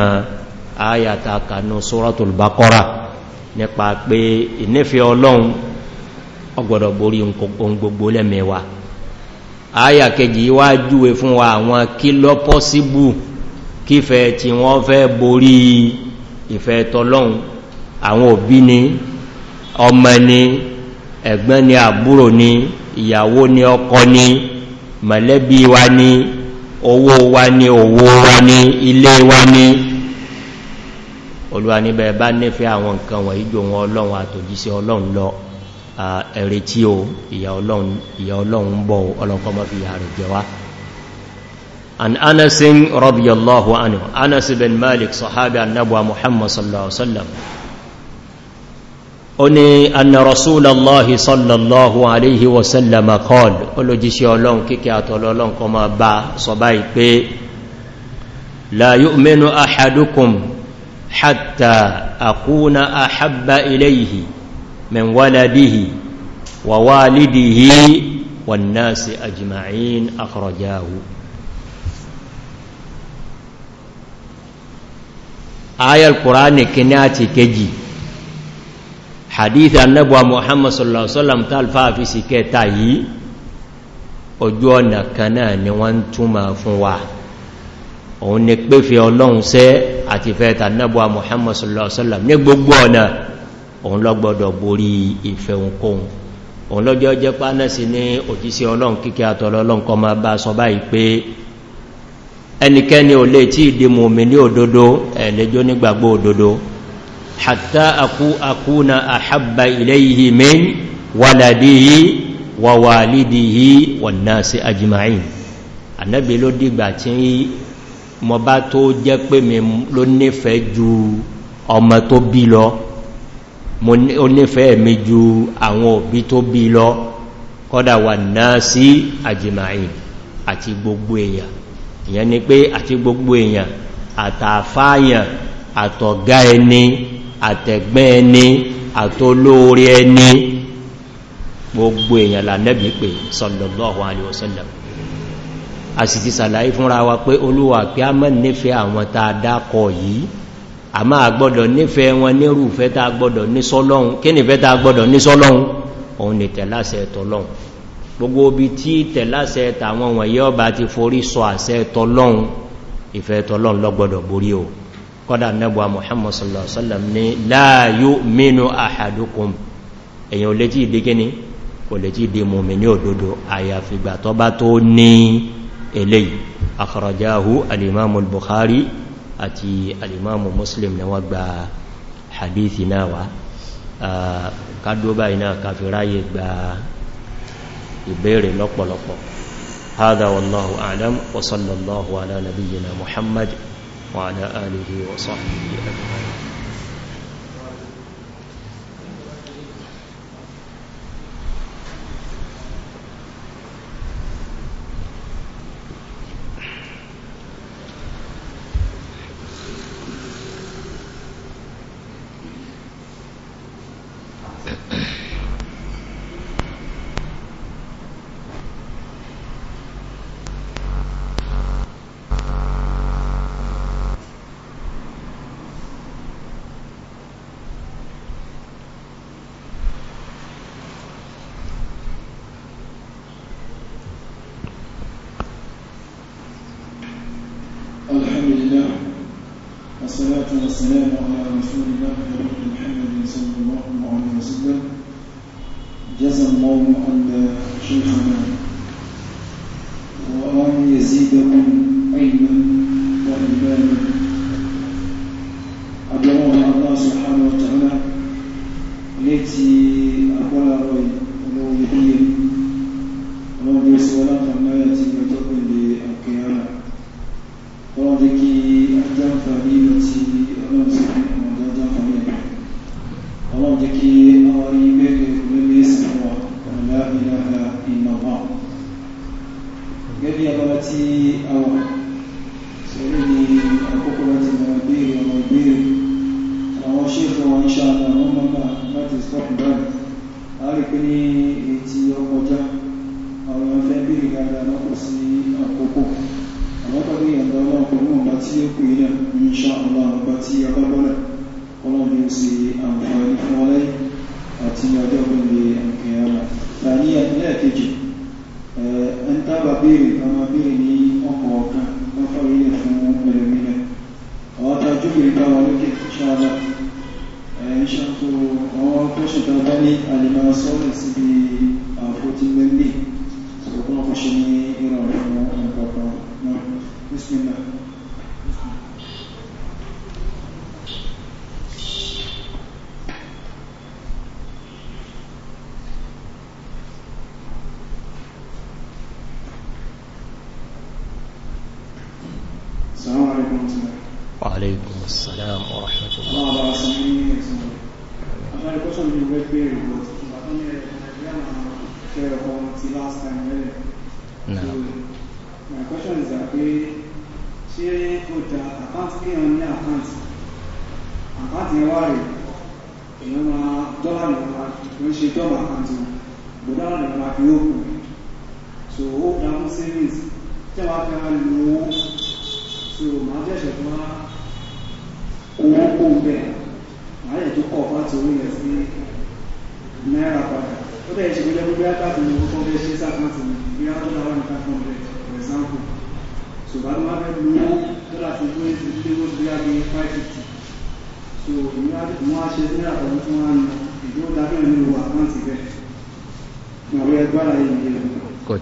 áyà takanú suratul baqara nípa pé ìnífẹ́ ọlọ́run ọgbọ̀dọ̀ borí ohun gbogbo lẹ́mẹ̀wàá áyà kejì wá júwe fún wa àwọn kí kífẹ́ tí wọ́n fẹ́ borí ìfẹ́ tọ́lọ́un àwọn òbí ni ọmọ ni ẹ̀gbọ́n ni àbúrò ni ìyàwó ni ọkọ ni mọ̀lẹ́bí wa ni owó wa ni owó wa ni ilé wa ni olúwa níbẹ̀ bá nífẹ́ àwọn nǹkan wọ̀nyí jò wọn ọlọ́run àtòjíṣẹ́ ọlọ́run lọ ẹ̀rẹ̀ tí ó ìyà ọlọ́run bọ̀ ọlọ́kọ́ mọ́ fi yà jẹ wá an anasin radiyallahu anhu anas bin malik sahabi annabuwa muhammad sallallahu ala'uwasallam o ni anna rasulallahi sallallahu alaihi wasallam akọl olójíṣẹ́ ọlọ́run kíkẹ́ àtọlọ́lọ́run kọ ma bá sọba ìpé la yu'minu ahadukum hatta akuna ahabba ilayhi min waladihi wa walidihi wan nasi ajma'in akhrajahu ayal ƙùránì kíní àti kejì hadith annabuwa muhammad sallallahu alaihi wasallam ta alfafi sí kẹta yìí ojú ọ̀nà kanáà ni wọ́n túnmà fún wa òun ni pé fi ọlọ́run sẹ́ àti fẹ́ta annabuwa muhammad sallallahu alaihi wasallam ní gbogbo ọ̀nà òun lọ́gbọ́dọ̀ borí ìfẹ́ ohunkóhun òun lọ́jọ́ ẹnikẹ́ni ò lè tí ìdí mòmìnì òdodo ẹ̀lẹ́jọ́ nígbàgbọ́ òdodo hatta akú akúna àhábà ilayhi min waladihi wa walidihi wan nasi ajma'in annabi ló dìgbà tí mo bá tó jẹ́ pé mi ló nífẹ̀ẹ́ ju ọmọ tó bí lọ ó nífẹ̀ẹ́ mi ju àwọn òbí tó bí lọ kọ́dà wan nasi ajma'in àti gbogbo èèyàn ìyẹn ni pé àti gbogbo èèyàn àtàfáàyàn àtọ̀gá ẹni àtẹ̀gbẹ́ ẹni àtolóorí ẹni gbogbo èèyàn lànẹ́bí pé sallallahu alaihi wasallam a sì ti sàlàyé fúnra wa pé olúwa pé a mọ́ nífẹ́ àwọn ta dákọ yìí a wọn nírùfẹ́ ta gbọ́dọ̀ ní sọ́lọ́hun kí nífẹ́ ta gbọ́dọ̀ ní sọ́lọ́hun òun nìtẹ̀láṣẹ́ tọ́lọ́hun gbogbo obi tí tẹ̀láṣẹ tàwọn wọ̀nyí ọba ti forí sọ àṣẹ tọlọ́un ìfẹ́ tọlọ́un lọ́gbọ́dọ̀ borí o kọ́dà nẹ́bùwa Muhammad sallallahu alaihi wasallam ní la yu'minu ahadukum alimamu Muslim ni wọ́n hadithi náà wá kádó báyìí náà kàfíráyè gba ìbéèrè lọ́pọ̀lọpọ̀ هذا والله أعلم وصلى الله على نبينا محمد وعلى آله وصحبه أجمعين ṣètò àwọn tó ṣètò ọgbẹ́ ní àlèmọ́ sọ́ọ̀lù síbi àfojì wembley ṣùgbọ́n kò ṣe ní ìrọ̀rùn ọ̀pọ̀pọ̀ náà bísí náà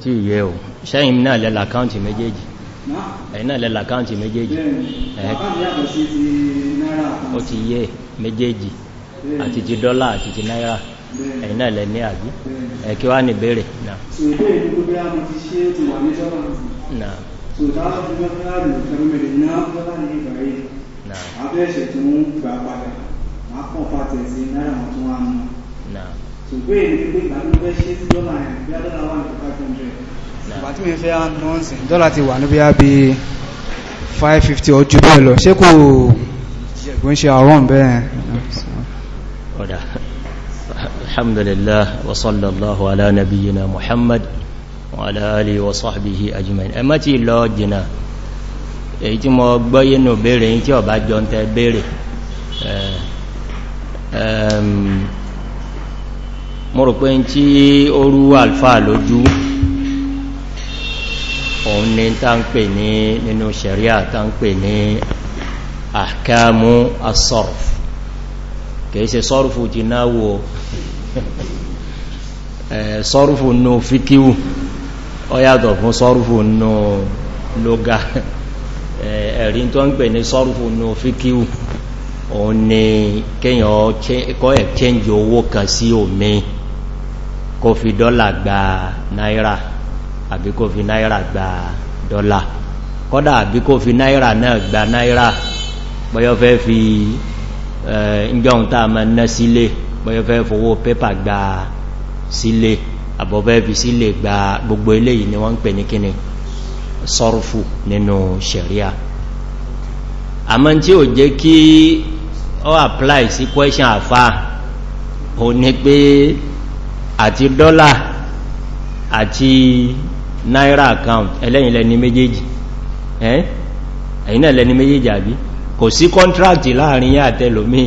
tí yẹ o ṣẹ́yìn náà lẹ́lá káùntì méjèèjì ẹ̀yìn náà lẹ́lá káùntì méjèèjì ó ti yẹ méjèèjì àti ti dọ́là àti ti náírà ẹ̀yìn náà lẹ́ ní àbí ẹ̀kí wá ní bèèrè náà náà ìbéèrè ní pé ìgbà tó fẹ́ ṣe sí dọ́là five ti wà níbi àbí five fifty ọjọ́ bẹ́ẹ̀ lọ ṣé kò ṣègùn ṣe àrùn bẹ́ẹ̀. ọ̀dà alhamdulillah wa sallallahu ala nabiyyina muhammad wa ala alihi wa sahbihi ajma'in ẹ má ti lọ jìnnà èyí tí mo gbọ́ yínú béèrè yín tí ọba jọ ń tẹ béèrè mo rò pé ń tí ó rú alfa lójú òun ni tá ń pè ní nínú sharia tá ń pè ní ahkamu as-sarf kìí ṣe sọ́rùfù ti náà wo sọ́rùfù nù fíkíwù ọ yàtọ̀ fún sọ́rùfù nù lóga *laughs* eh, ẹ̀rin tó ń pè ní sọ́rùfù nù fíkíwù òun ni kíyàn kọ́ exchange owó kan sí omi kó fi dọ́là gba náírà àbí kó fi náírà gba dọ́là kọ́dà àbí kó fi náírà náà gba náírà bọ́yọ́ fẹ́ fi ìjọun tàà ma ná sílé bọ́yọ́ fẹ́ fowó pépà gba sílé àbọ̀fẹ́ fi sílé gba gbogbo eléyìí ni wọ́n ń pè ní kíni sọ́rùfù nínú sẹ̀ríà àmọ́ tí ó jẹ́ kí ó apply sí question àfá o ní pé àti dọ́là àti náírà account ẹlẹ́yìn lẹ́ni méjèèjì ẹ̀yìn náà lẹ́ni méjèèjì àbí kò sí contract láàrin àtẹlòmí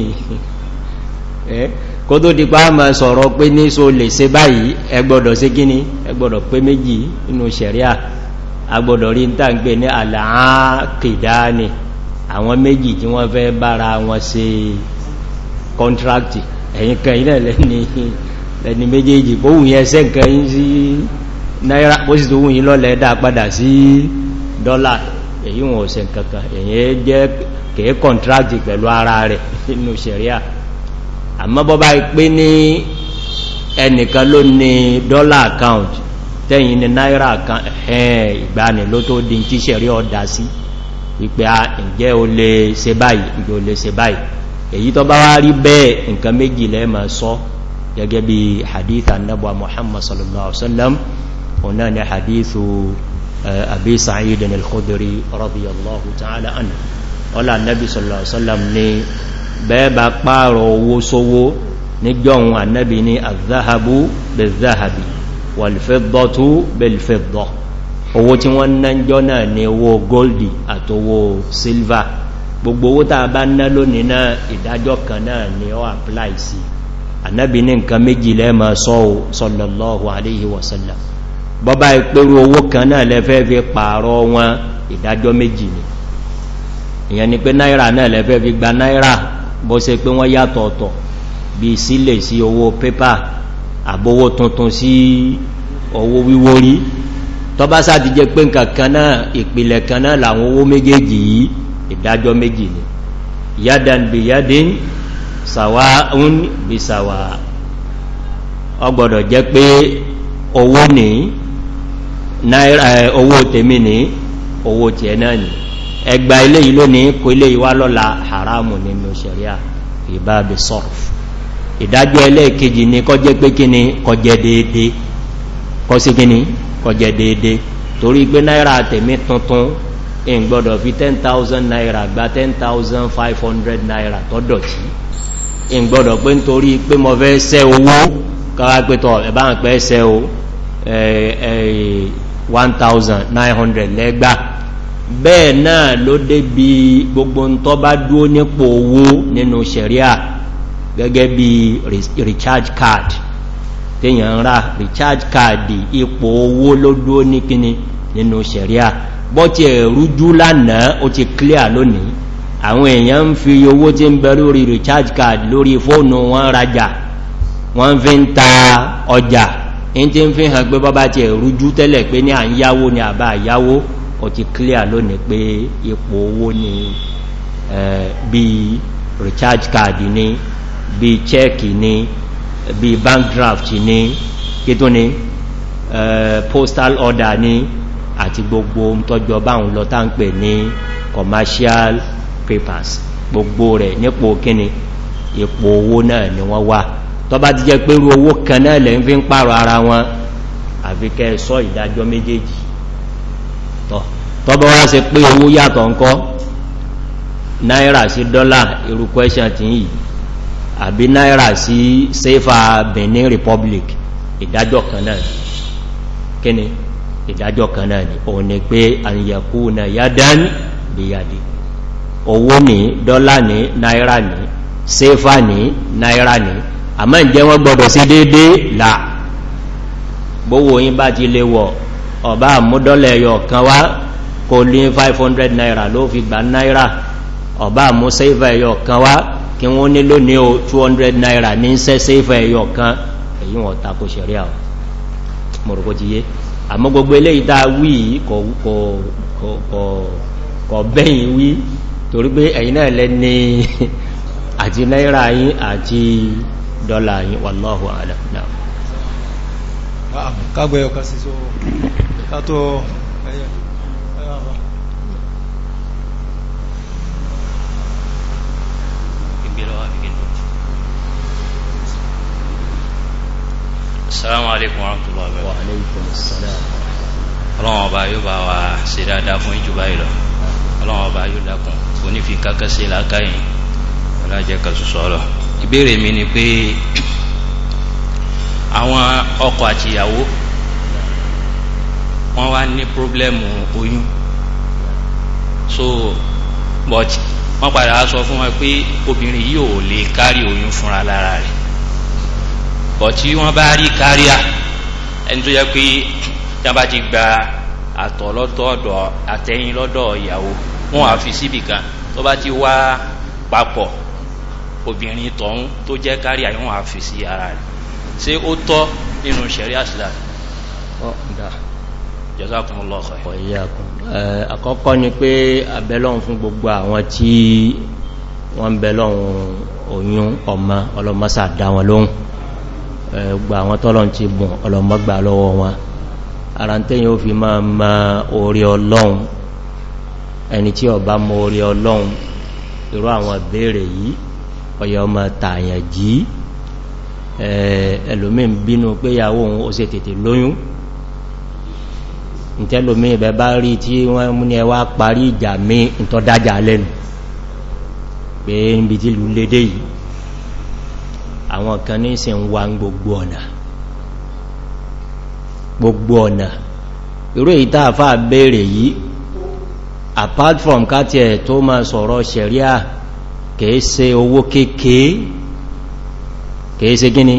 kó tó di ma sọ̀rọ̀ pé ní so lè ṣe báyìí ẹgbọ́dọ̀ ṣe kíní ẹgbọ́dọ̀ pé méjì inú ṣẹ̀ríà agbọ́dọ̀ rí ta ń gbé ní ni àwọn méjì tí wọ́n fẹ́ bára wọn ẹ̀yìn ẹni méjèèjì kó wùn yẹn ẹsẹ́ nǹkan yí sí náírà bó sì tó wùn yí lọ́lẹ̀ dá padà sí dọ́là èyí wọn ò ṣe nǹkankan èyí jẹ́ kèé kọntrakti pẹ̀lú ara rẹ̀ *laughs* nínú ṣẹ̀ríà àmọ́ bọ́ bá pé ní ẹnìkan ló ní dọ́là account tẹ́yìn ní náírà kan ẹ̀hẹ́n ìgbani ló tó di tí ṣẹ̀rí ọ̀dá sí wípé a ǹjẹ́ o lè ṣe báyìí ǹjẹ́ èyí tó bá wá rí bẹ́ẹ̀ nǹkan méjì lẹ́ẹ̀ máa sọ gẹ́gẹ́ bí hadith annabuwa muhammad sallallahu alaihi wasallam ọ̀nà ni hadithu eh, abi sa'idin al-khudri radiyallahu ta'ala an ọlá annabi sallallahu alaihi wasallam ni bẹ́ẹ̀ bá pààrọ̀ owó sówó nígbọ̀n annabi ni azahabu bezahabi walfiddotu belfiddo owó tí wọ́n ná jọ náà ni owó goldi àtowó silver gbogbo owó tàbá ná lónìí náà ìdájọ́ kan náà ni ó apply si annabi ní nǹkan méjì lẹ́mà sọ́wọ́ sallallahu alaihi wasallam bọ́bá ìpérú owó kan náà lẹ́fẹ́ fi pààrọ̀ wọn ìdájọ́ méjì ni ìyẹn ni pé náírà náà lẹ́fẹ́ fi gba náírà bó ṣe pé wọ́n yàtọ̀ọ̀tọ̀ bí sílẹ̀ sí owó pépà àbówó tuntun sí owó wíwó rí tọ́bá sáti jẹ́ pé nǹkan kan náà ìpìlẹ̀ kan náà làwọn owó méjèèjì yìí ìdájọ́ méjì ni yadan bi yadin sàwáún bí sàwà ọgbọ̀dọ̀ jẹ́ pé owó ní náírà eh, owó tèmi ní owó tí ẹ náà ní ẹgbà ilé yìí lónìí kò ilé yìí lọ́la haramu nínú ṣẹ̀ríà ìbábi sọ́rf ìdájọ́ ẹlẹ́ẹ̀kejì ni kọ́ jẹ́ pé kíni kọjẹ́ déédé kọ́ sí kíni kọjẹ́ déédé torí pé náírà tèmi tuntun in gbọ́dọ̀ fi 10,000 naira gba 10,500 naira tọ́dọ̀ tí ìgbọ́dọ̀ pé nítorí pé mo fẹ́ ṣẹ́ owó káwà pẹ́tọ̀ ẹ̀bá ń pẹ́ ṣẹ́ o 1900 lẹ́gbà bẹ́ẹ̀ náà ló dé bí gbogbo tó bá dúó nípò owó nínú sẹ̀ríà gẹ́gẹ́ bí recharge card tíyàn ra recharge card ipò owó ló dúó ní kíni nínú sẹ̀ríà bọ́ ti ẹ̀rújú lánàá ó ti clear lónìí àwọn èèyàn ń fi owó tí ń bẹ lórí recharge card lórí fóònù wọn rajà wọ́n fi ń ta ọjà in ti ń fi hàn pé bọ́bá ti rújú tẹ́lẹ̀ pé ní à ni àbá àyáwó o ti clear lónìí pé ipò owó ni bí recharge card ni bí check ni bí bank draft ni kító ni postal order ni àti gbogbo tọ́jọ báhùn lọ tá ń pè ní commercial papers gbogbo rẹ̀ nípò kíni ipò owó náà ni wọ́n wà tó bá ti jẹ́ pé rú owó kan náà lẹ́ ń fi ń pààrọ̀ ara wọn àfikẹ́ sọ ìdájọ́ méjèèjì tó bá wá ṣe pé owó yàtọ̀ ńkọ́ náírà sí dọ́là irú question tí yìí àbí náírà sí sefa Benin Republic ìdájọ́ kan náà kíni ìdájọ́ kan náà ni òun ni pé an yakuna yadan biyadi owó ní dọ́là ní náírà ní sefa ní náírà ní àmọ́ ìjẹ́ wọ́n gbọ́dọ̀ sí dédé là bówó yí bá ti lè wọ̀ ọ̀bá àmúdọ́lẹ̀ ẹyọ kan wá kò lé 500 naira ló fi gbà náírà ọ̀bá àmú sefa ẹyọ kan wá kí wọ́n ní lónìí o 200 naira ní sẹ́ sefa ẹyọ kan èyí wọ́n tako ṣẹ̀rí àwọn mọ̀rọ̀kọ́ ti bẹ́yìn wí torí pé ẹ̀yin náà lẹ́ni àti náírà yín àti dọ́là yín wallahu a'lam kágbẹ̀ ọkà sí so kátó ẹ̀yà Assalamu wabarakatuh. Wa alaikum assalam. Ọlọ́run ọba yóò bá wa ṣe dáadáa fún ìjùbá ìlọ. Ọlọ́run ọba yóò dákun kò ní fi kankan ṣe làákàyìn ọlájẹ kan sọsọ ọ̀rọ̀ ìbéèrè mi ni pé àwọn ọkọ àtìyàwó wọn wá ní pírọblẹmù oyún so but wọn padà wá sọ fún wọn pé obìnrin yìí ò lè kárí oyún fúnra lára rẹ̀ but tí wọn bá rí káríà ẹni tó yẹ pé tí wọn bá ti gba àtọ̀ lọ́dọ̀ àtẹ̀yìn lọ́dọ̀ ìyàwó wọn wàá fi síbì kan tó bá ti wá papọ̀ obìnrin tọ̀hún tó jẹ́ kárí àyè wọn wàá fi sí ara rẹ̀ ṣé ó tọ́ nínú sẹ̀rí àṣìlá. jazakumullahu khairan. àkọ́kọ́ ni pé abẹ́lọ́hún fún gbogbo àwọn tí wọ́n ń oyún ọmọ ọlọ́mọsà dá wọn lóhùn gba àwọn tọ́lọ̀n ti bùn ọlọ́mọgbà lọ́wọ́ wọn ara tẹ́yìn ó fi máa ma orí ọlọ́run ẹni tí ọba mọ́ orí ọlọ́run irú àwọn ìbéèrè yìí ọ̀yọ̀ ọmọ tààyàn jí ẹlòmín bínú pé yàwó òun ó ṣe tètè lóyún ìtẹ́lòmí ìbẹ̀ bá rí tí wọ́n mú ní ẹwà parí ìjà mí ìtọ́dájà lẹ́nu pé níbi tí lù lédé yìí àwọn kan ní sí ń wa gbogbo ọ̀nà gbogbo ọ̀nà irú èyí tààfà béèrè yìí apart from káti ẹ̀ tó máa sọ̀rọ̀ ṣẹ̀ríà kìí ṣe owó kéèkéé kìí ṣe gíní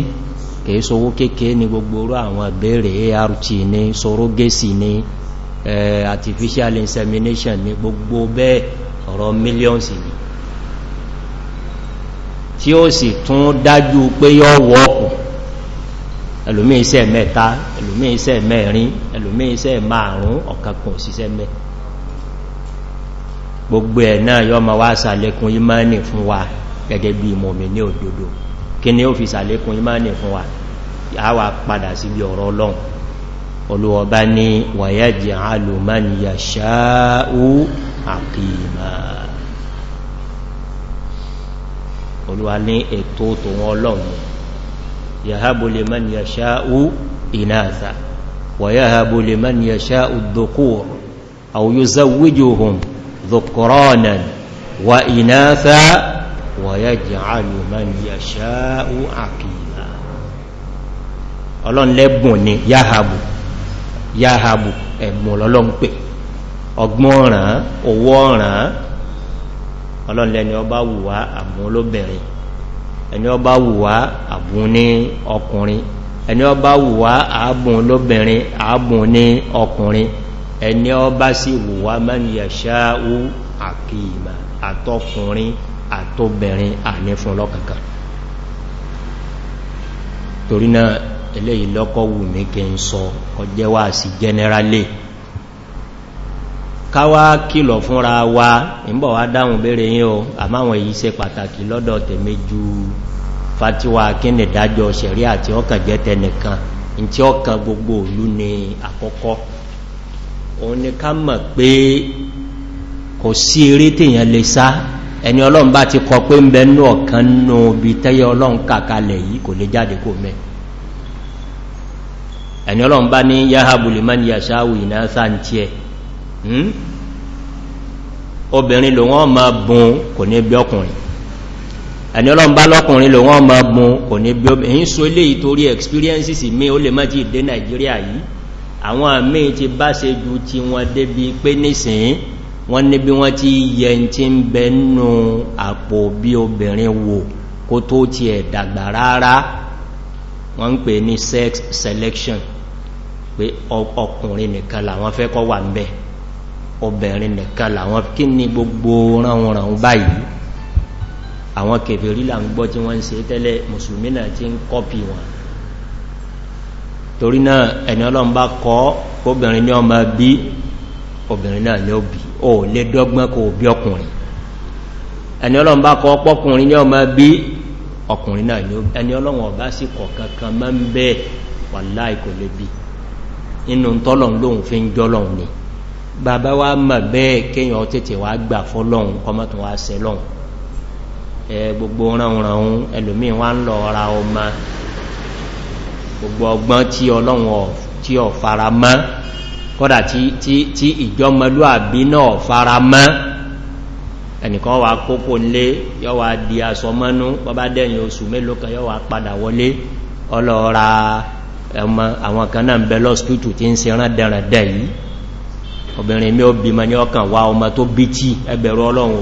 kìí ṣe owó kéèkéé ní gbogbo orú àwọn ìbẹ̀rẹ̀ art ní sorogesi ní eh, artificial insemination ni gbogbo bẹ́ẹ̀ ọ̀rọ̀ millions ni tí ó sì tún dájú pé yọ́ wọ́pù ẹlòmí iṣẹ́ mẹ́ta ẹlòmí iṣẹ́ mẹ́rin ẹlòmí iṣẹ́ márùn-ún ọ̀kankan òṣìṣẹ́ mẹ́ta gbogbo ẹ̀ náà yọ ma wá sàlékún ìmáni fún wa gẹ́gẹ́ bí mọ̀mí ní òdòdó kí ni ó fi sàlékún ìmáni fún wa a wà padà sí bí ọ̀rọ̀ ọlọ́run olùwọ̀bá ní wàyájì alùmáníyà ṣááú àkìmà olùwà ní ètò tòun ọlọ́run yàhábólè máníyà ṣááú ìnáàzà wàyáhábólè máníyà àwòyó záwéjò hùn ذكرانا وإناثا ويجعل من يشاء عقيما ọlọ́n lẹ́bùn ni yáhàbù yáhàbù ẹ̀bùn ọlọ́n pè ọgbọ́n ọ̀ràn owó ọ̀ràn ọlọ́n lẹ́ni ọba wùwá àbùn olóbìnrin ẹni ọba wùwá àbùn ní ọkùnrin ẹni ọba wùwá àbùn olóbìnrin àbùn ní ọkùnrin ẹni ọba sí wùwá mẹ́niyà ṣááú àkíyìmà àtọkùnrin àtọbẹ̀rin àní fún lọ́kàkà torí náà eléyìí lọ́kọ́ wù mí kí n sọ ọjẹ́wà sí jẹ́nẹ́rálẹ̀ káwà kìlọ̀ fúnra wa ìbọ̀ wá dáhùn bèèrè yín o àmáwọn èyí ṣe pàtàkì lọ́dọ̀ tẹ̀mé ju fatiwa kíni dájọ́ sẹ̀rí àti ọkàn jẹ́ tẹnìkan in tí ọkàn gbogbo òlú ni àkọ́kọ́ òun ni ká mọ̀ pé kò sí eré tèèyàn lè sá ẹni ọlọ́run bá ti kọ pé ń bẹ nú ọ̀kan nú bí tẹ́yẹ ọlọ́run kàkalẹ̀ yìí kò lè jáde kò mẹ́ ẹni ọlọ́run bá ní yahabuli man yashawu iná sáńtí ẹ hmm? obìnrin lò wọ́n ma bùn kò ní bí ọkùnrin ẹni ọlọ́run bá lọ́kùnrin lò wọ́n ma bùn kò ní bí obìnrin so eléyìí torí experiences mi ó lè má ti dé nàìjíríà yìí àwọn míì ti bá ṣe ju ti wọn débi pé nísìn wọ́n ní bí wọ́n ti yẹ tí ń bẹ nù àpò bí obìnrin wò kó tó ti ẹ̀dàgbà rárá wọ́n ń pè ní sex selection pé ọkùnrin nìkan làwọn fẹ́ kọ́ wà ń bẹ obìnrin nìkan làwọn kí ní gbogbo ránwọ̀ràn báyìí àwọn kèfèrí là ń gbọ́ tí wọ́n ń ṣe tẹ́lẹ̀ mùsùlùmí náà ti ń kọ́pì wọn torí náà ẹni ọlọ́run bá kọ́ obìnrin ní ọmọ bí obìnrin náà ní òbí o lè dọ́gbọ́n kò bí ọkùnrin ẹni ọlọ́run bá kọ́ pọ́kùnrin ní ọmọ bí ọkùnrin náà ní òbí ẹni ọlọ́run ọ̀bá sì kọ̀ kankan mọ́ ń bẹ́ wàláì kò lè bí inú tọ́lọ̀un wa mọ̀ bẹ́ẹ̀ kéèyàn tètè wá gbà fọ́lọ́un kọmọ́tún wá sẹ́lọ́un gbogbo ránranun gbogbo ọgbọ́n tí ọlọ́run tí ọ fara mọ́ kọ́dà tí ìjọmọlú àbí náà fara mọ́ ẹnìkan wà kókò nlé yọ́wà di asọmọ́nú bọ́bá dẹ̀yìn oṣù mélòó kan yọ́wà padà wọlé ọlọ́ra ẹmọ àwọn kan náà ń bẹ lọ́spítù tí ń se rán dẹ̀rẹ̀dẹ̀ yìí obìnrin mi ó bímọ ní ọkàn wá ọmọ tó bí tí ẹgbẹ̀rún ọlọ́run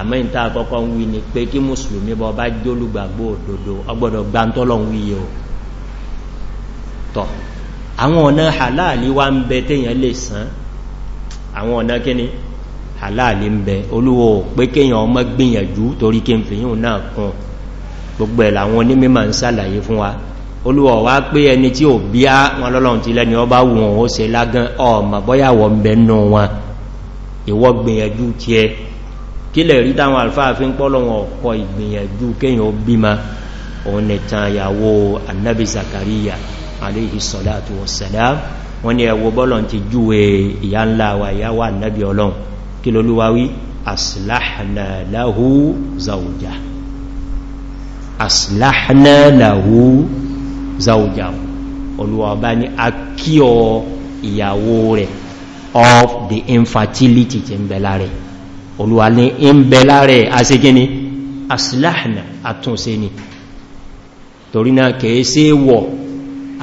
àmọ́ ìta àkọ́kọ́ ń wí ni pé kí mùsùlùmí bọ́ bá jólúgbàgbó òdòdó ọgbọ́dọ̀ gbántọ́lọ̀ ń wíye o tọ́ àwọn ọ̀nà hàláàlì wá ń bẹ téèyàn lè sán àwọn ọ̀nà kíni hàláàlì ń bẹ olúwo pé kéèyàn ọmọ gbìyànjú torí kí n fi yíò náà kún gbogbo ẹ̀ làwọn onímọ̀ ń sàlàyé fún wa olúwo wá pé ẹni tí ò bí á wọn lọ́lọ́run ti lẹ́ni ọba wù wọn ó se lágán ọmọ bọ́yàwó ń bẹ nù wọn ìwọ́ gbìyànjú tiẹ̀ kílẹ̀ rí táwọn alfáà fi ń pọ́lọ̀wọ̀n ọ̀pọ̀ ìgbìyànjú kéyàn bímá òun nìtàn ìyàwó annabi zakariya aléhì sọ́látù wọ̀sẹ̀lá wọ́n ni ẹwọ bọ́lọ̀ ti júwe ìyá ńlá wa ìyáwó annabi ọlọ́run kí lolúwawí aslahna lahu zawja aslahna lahu zawja olúwàbá ni a of the infertility ti olúwa ní ń bẹ láàrẹ aṣegíní asìláhìnà àtúnṣe ni torí náà kèé sí wọ̀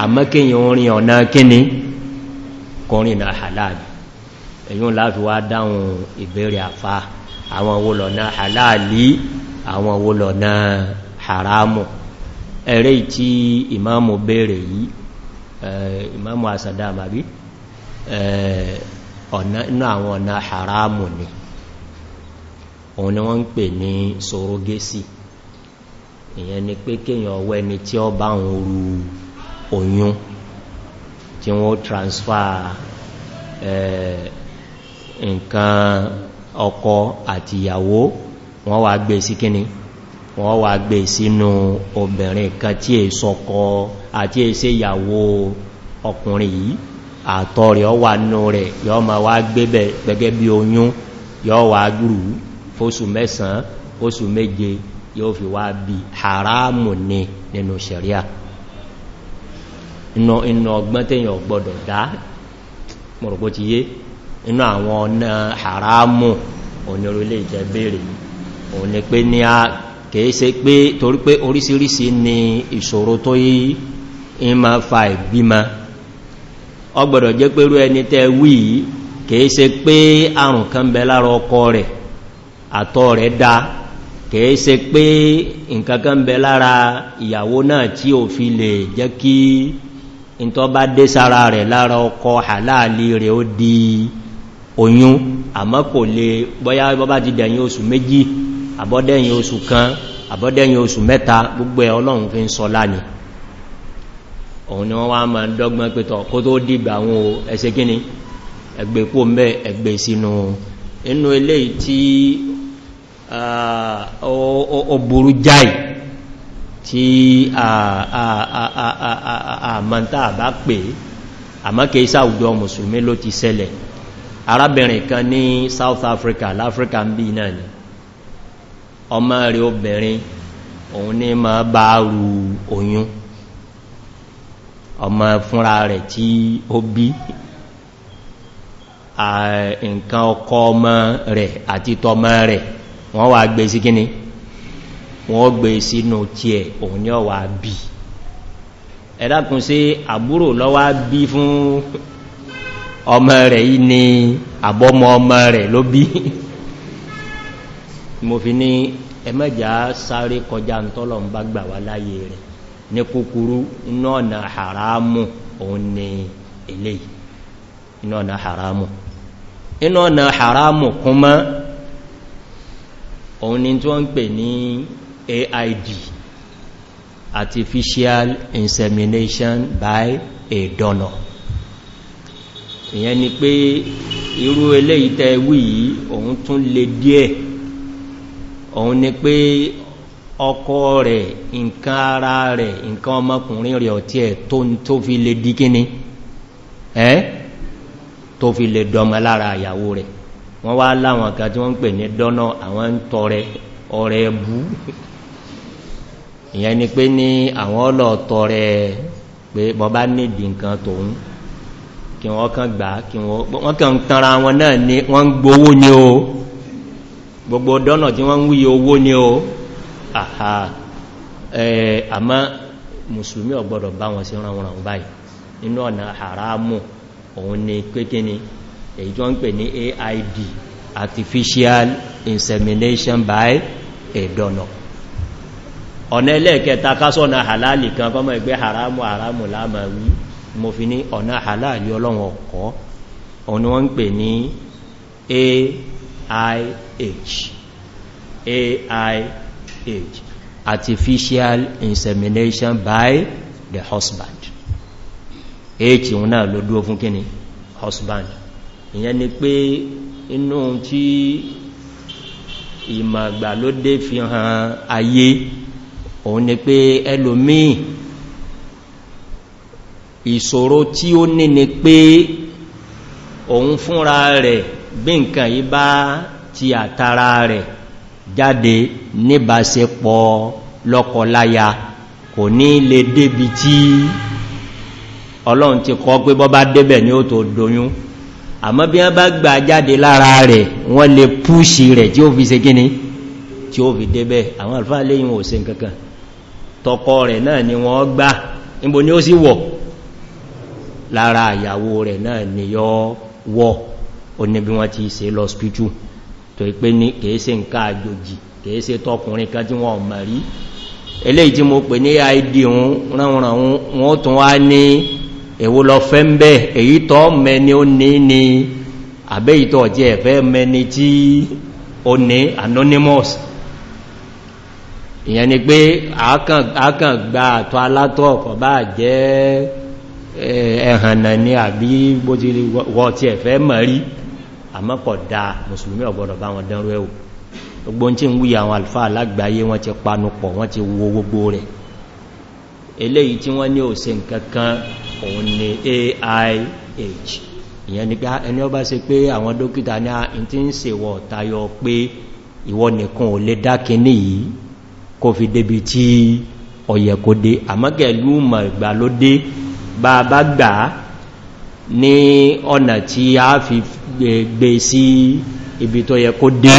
àmọ́kíyàn orin ọ̀nà kíní kọrin náà halali èyún láti wá dáhùn ìbéèrè àfá àwọn wọlọ̀nà halali àwọn wọlọ̀nà haramu ẹ̀rẹ́ tí ìmáàmù béèrè yìí eh, ìmáàmù asàdá àmàbí eh, ọ̀nà àwọn ọ̀nà haramu ni òun ni wọ́n ń pè ní sorogesi ìyẹn ni pé kíyàn ọwọ́ ẹni tí ó bá ń ru oyún tí wọ́n transfer eh, nǹkan ọkọ àti ìyàwó wọ́n wà gbé e sí kíni wọ́n wà gbé e sínú obìnrin kan tí è sọkọ àti èsẹ ìyàwó ọkùnrin yìí àtọ̀ rẹ̀ ọ wà nù rẹ̀ yọ ma wá gbé gẹ́gẹ́ bí oyún yọ wà gbùrù fóṣù mẹ́sàn fóṣù méje yóò fi wá bí haramu ní nínú sharia iná iná ọgbọ́n tèyàn gbọdọ̀ dá mọ̀rọ̀gbọ́ ti yé iná àwọn ọ̀nà haramu onírúlé ìjẹ́ bèèrè òun ni pé ní a kèése pé torí pé orísìírísìí ni ìṣòro tó yí in ma fa ìbímọ ọgbọ̀dọ̀ jẹ́ pé rú ẹni tẹ́ wí kèése pé àrùn kan bẹ lára ọkọ rẹ̀ àtọ̀ rẹ̀ dá kìí ṣe pé nǹkankan bẹ lára ìyàwó náà tí ò fi lè jẹ́ kí n bá dé sára rẹ̀ lára ọkọ̀ àláàlì rẹ̀ ó di oyún àmọ́ kò lè bóyá bọ́bá ti dẹ̀yìn oṣù méjì àbọ́dẹ̀yìn oṣù kan àbọ́dẹ̀yìn oṣù mẹ́ta gbogbo ọlọ́run fi ń sọ inú eléyìí tí ó burú jáì tí àmọ́ntà bá pè àmọ́kẹ́ isá òjò mùsùlùmí ló ti ṣẹlẹ̀ arábìnrin kan ní South Africa láfríkà ń bí náà ni ọmọ rẹ̀ obìnrin òun ní ma bá rú oyún ọmọ fúnra rẹ̀ tí ó bí nǹkan ọkọ ọmọ rẹ̀ àti tọmọ rẹ̀ wọ́n wà gbé sí kíni wọ́n gbé sínú tí ẹ̀ òun ní ọwà bí ẹ̀dàkùn sí àbúrò lọ́wà bí fún ọmọ rẹ̀ yìí ni àbọ́mọ ọmọ rẹ̀ ló bí *laughs* mo fi ní ẹmẹ́jà sáré kọjá tọ́lọ̀ ń bá gbà wá láyé rẹ̀ ní kúkúrú ọ̀nà haramu òun ni inú ọ̀nà haramu kúnmọ́ òun ni tí wọ́n pè ní AID artificial insemination by a donor ìyẹn ni pé irú eléyìí tẹ́ wí yìí òun tún lè díẹ̀ òun ni pé ọkọ rẹ̀ nǹkan ara rẹ̀ nǹkan ọmọkùnrin rẹ̀ ọ̀tí ẹ̀ tó fi lè dí ẹ́ eh? tó fi lè dọmọ lára àyàwó rẹ̀ wọ́n wá láwọn kan tí wọ́n ń pè ní dọ́nà àwọn ń tọrẹ ọrẹ ẹbú ìyẹn ni pé ní àwọn ọlọ́ọ̀tọ̀ rẹ̀ pé bọ́bá nìdì nǹkan tòun kí wọ́n kàn gbà kí wọ́n kàn tanra wọn náà ni wọ́n gbówó ní o gbogbo dọ́nà tí wọ́n ń wí owó ní o àhà àmá mùsùlùmí ọ̀gbọ́dọ̀ bá wọn sí ránwọ̀n báyìí nínú ọ̀nà haramu òun ni kékíní èyí tó ń pè ní AID artificial insemination by a donor ọ̀nà ẹlẹ́ẹ̀kẹta kásọ̀nà halali kan kọmọ ẹgbẹ́ haramu haramu láàmà wí mo fi ní ọ̀nà halali ọlọ́run ọ̀kọ́ ọ̀nà wọ́n ń pè ní AIH AIH artificial insemination by the husband h òun náà ló dúró fún kíni husband ìyẹn ni pé inú tí ìmọ̀gbàlódé fi hàn ayé òun ni pé ẹlòmíì ìṣòro tí ó ní ni pé òun fúnra rẹ̀ bí nǹkan yí bá ti àtara rẹ̀ jáde níbáṣepọ̀ lọ́kọláya kò ní lè débi tí ọlọ́run ti kọ́ pé bọ́ bá débẹ̀ ní ó tó doyún àmọ́ bí wọ́n bá gbà jáde lára rẹ̀ wọ́n lè púṣì rẹ̀ tí ó fi se gíní tí ó fi débẹ̀ àwọn alfáà lẹ́yìn ò se nkankan tọkọ rẹ̀ náà ni wọ́n gbà níbo ni ó sì wọ̀ lára àyàwó rẹ̀ náà ni yọ wọ́ ó ní bí wọ́n ti se lọ spíjú tó ipé ní kèése nǹkan àjòjì kèése tọkùnrin kan tí wọ́n mọ̀ eléyìí tí mo pè ní id ránranrun wọ́n tún wá ní Ewo lọ fẹ́ ń bẹ́ èyí tọ́ mẹni ó ní ni àbẹ́ ìtọ́ jẹ́ ẹ̀fẹ́ mẹni tí ó ní anonymous ìyẹn ni pé àákàn gba àtọ́ alátọ́ ba je jẹ́ ẹ̀hànà ni àbí bó ti wọ́ ti ẹ̀fẹ́ mọ̀ rí àmọ́pọ̀ da mùsùlùmí ọ̀gbọ̀dọ̀ bá wọn dánrú ẹ̀wò gbogbo tí ń wúyà àwọn alfáà lágbàáyé wọ́n ti panupọ̀ wọ́n ti wo gbogbo rẹ̀ eléyìí tí wọ́n ní òsè nkankan òun ni AIH ìyẹn ni pé ẹni ọba ṣe pé àwọn dókítà ní àìn tí ń sèwọ̀ tayọ pé ìwọ nìkan ò lè dákẹ ní yìí kó fi débi tí ọ̀yẹ̀ kó dé àmọ́gẹ̀lú mọ̀ ìgbàlódé bá bá gbà ní ọ̀nà tí a fi gbé sí ibi tó yẹ kó dé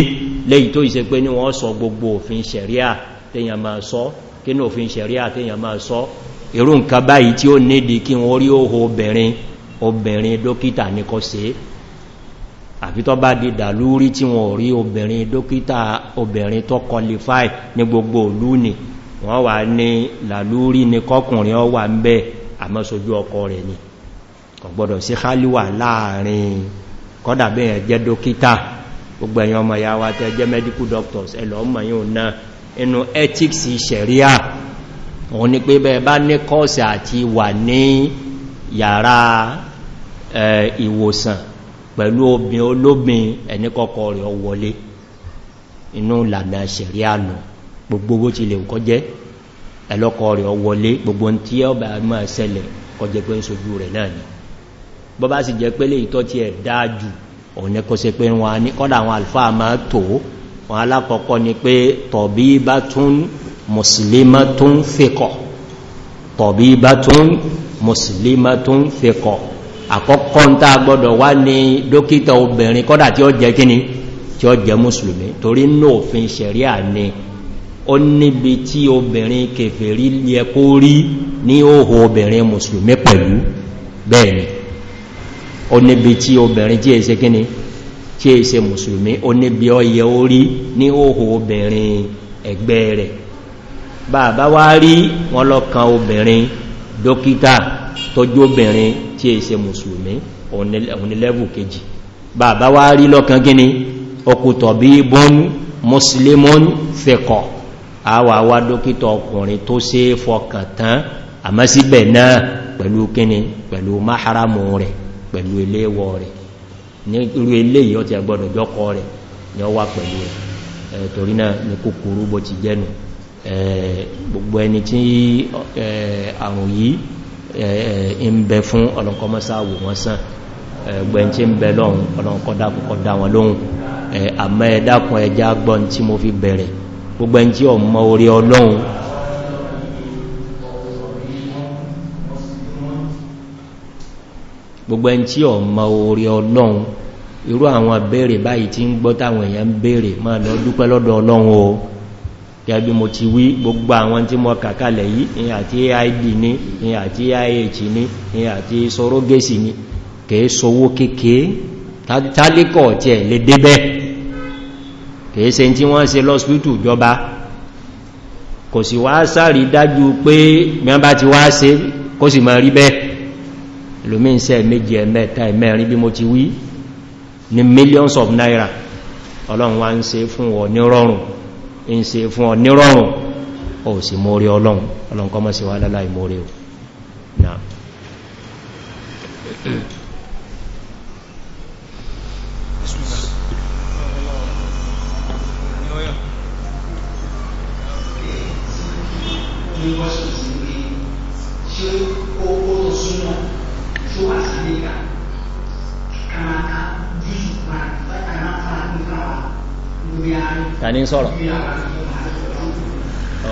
léyìí tó ìse pé ní wọ́n sọ gbogbo òfin ṣẹ̀ríà téèyàn máa sọ kí òfin ṣẹ̀ríà téèyàn máa sọ irú nǹkan báyìí tí ó nídi kí wọ́n rí òhò obìnrin obìnrin dókítà ní kọ́ sí àfitọ́ bá di dàlúrí tí wọ́n rí obìnrin dókítà obìnrin tó kọlifáì ní gbogbo òlú ni wọ́n wà ní làlúrí ní kọkùnrin ọ wà ń bẹ́ àmọ́sojú ọkọ rẹ̀ ni ọ̀gbọ́dọ̀ sí hálíwà láàrin kọ́dàbẹ̀yàn jẹ́ dókítà medical doctors ẹlọ́mọ̀ yóò náà inú ethics òun ni pé bẹ́ẹ̀ bá ní kọ́ọ̀sì àti wà ní yàrá ìwòsàn pẹ̀lú obìn olóbin ẹni kọ́kọ́ rẹ̀ wọlé inú lànà ṣẹ̀rí ànà gbogbo bó ti lè kọ́ jẹ́ ẹlọ́kọ́ rẹ̀ wọlé gbogbo tí ó bá máa ṣẹlẹ̀ kọjẹ́ pé ń sojú rẹ̀ náà ni bọ́ bá sì jẹ́ pé lè tọ́ ti ẹ̀ dáájú òun kọ́ sí pé wọ́n ní kọ́dà àwọn alfáà máa tó wọn alákọ̀ọ́kọ́ ni pé tọ̀bí bá tún muslimatun fiqh tabibatun muslimatun fiqh àkọ́kọ́ ń tá gbọ́dọ̀ wá ní dókítà obìnrin kọ́dà tí ó jẹ́ kíni tí ó jẹ́ mùsùlùmí torí ní òfin ṣẹ̀ríà ni ó níbi tí obìnrin kèfèrí yẹ kó rí ní òhò obìnrin mùsùlùmí pẹ̀lú bẹ́ẹ̀ni ó níbi tí obìnrin tí èsẹ kíni tí èsẹ mùsùlùmí ó níbi ọyẹ orí ní òhò obìnrin ẹgbẹ́ rẹ̀ bàbá wá rí wọn lọ́kàn obìnrin dókítà tọ́jú obìnrin tí è ṣe mùsùlùmí onílẹ́bù kejì bàbá wá rí lọ́kàn gíní ọkùtọ̀ bí bọ́n mùsùlùmí fẹ́kọ̀ àwà wá dókítà ọkùnrin tó ṣe fọkàn tán àmọ́ náà pẹ̀lú kíní pẹ̀lú máhàrámù rẹ̀ pẹ̀lú ilé yìí rẹ̀ ni ó wà pẹ̀lú rẹ̀ torí náà ní kúkúrú bó ti jẹ́nu gbogbo ẹni tí àrùn yìí ń bẹ fún ọlọ́nkọmọ́sá wò wọ́n sàn gbẹ̀n tí ń bẹ lọ́hun ọlọ́nkọdá wọn lóhun àmọ́ ẹ̀dàkùn ẹja gbọ́n tí mo fi bẹ̀rẹ̀ gbogbo ẹni tí ọmọ orí ọlọ́hun gbogbo ẹni tí ọmọ orí ọlọ́hun irú àwọn béèrè báyìí tí ń gbọ́ táwọn èèyàn béèrè máa lọ dúpẹ́ lọ́dọ̀ ọlọ́hun o gẹ́bí mo ti wí gbogbo àwọn tí mọ́ kàkàlẹ̀ yìí ní àti aib ní ní àti ih ní ní àti sorogesi ní kèé sowó kéèkéé tálíkọ̀ tí ẹ̀ lè débẹ̀ kèé se tí wọ́n se lọ́spítù jọba kò sì wá sáàrí dájú pé mẹ́bá ti wá se kó sì mọ́ rí bẹ́ lómínsẹ̀ millions of naira ọlọ́run wá ń se fún ọ ní rọrùn ń se fún ọ nírọ̀rùn ó sì mórí ọlọ́run ọlọ́run kọ́ mọ́ sí wá lọ́lá ìmórí o náà Ṣé ó tani sọ̀rọ̀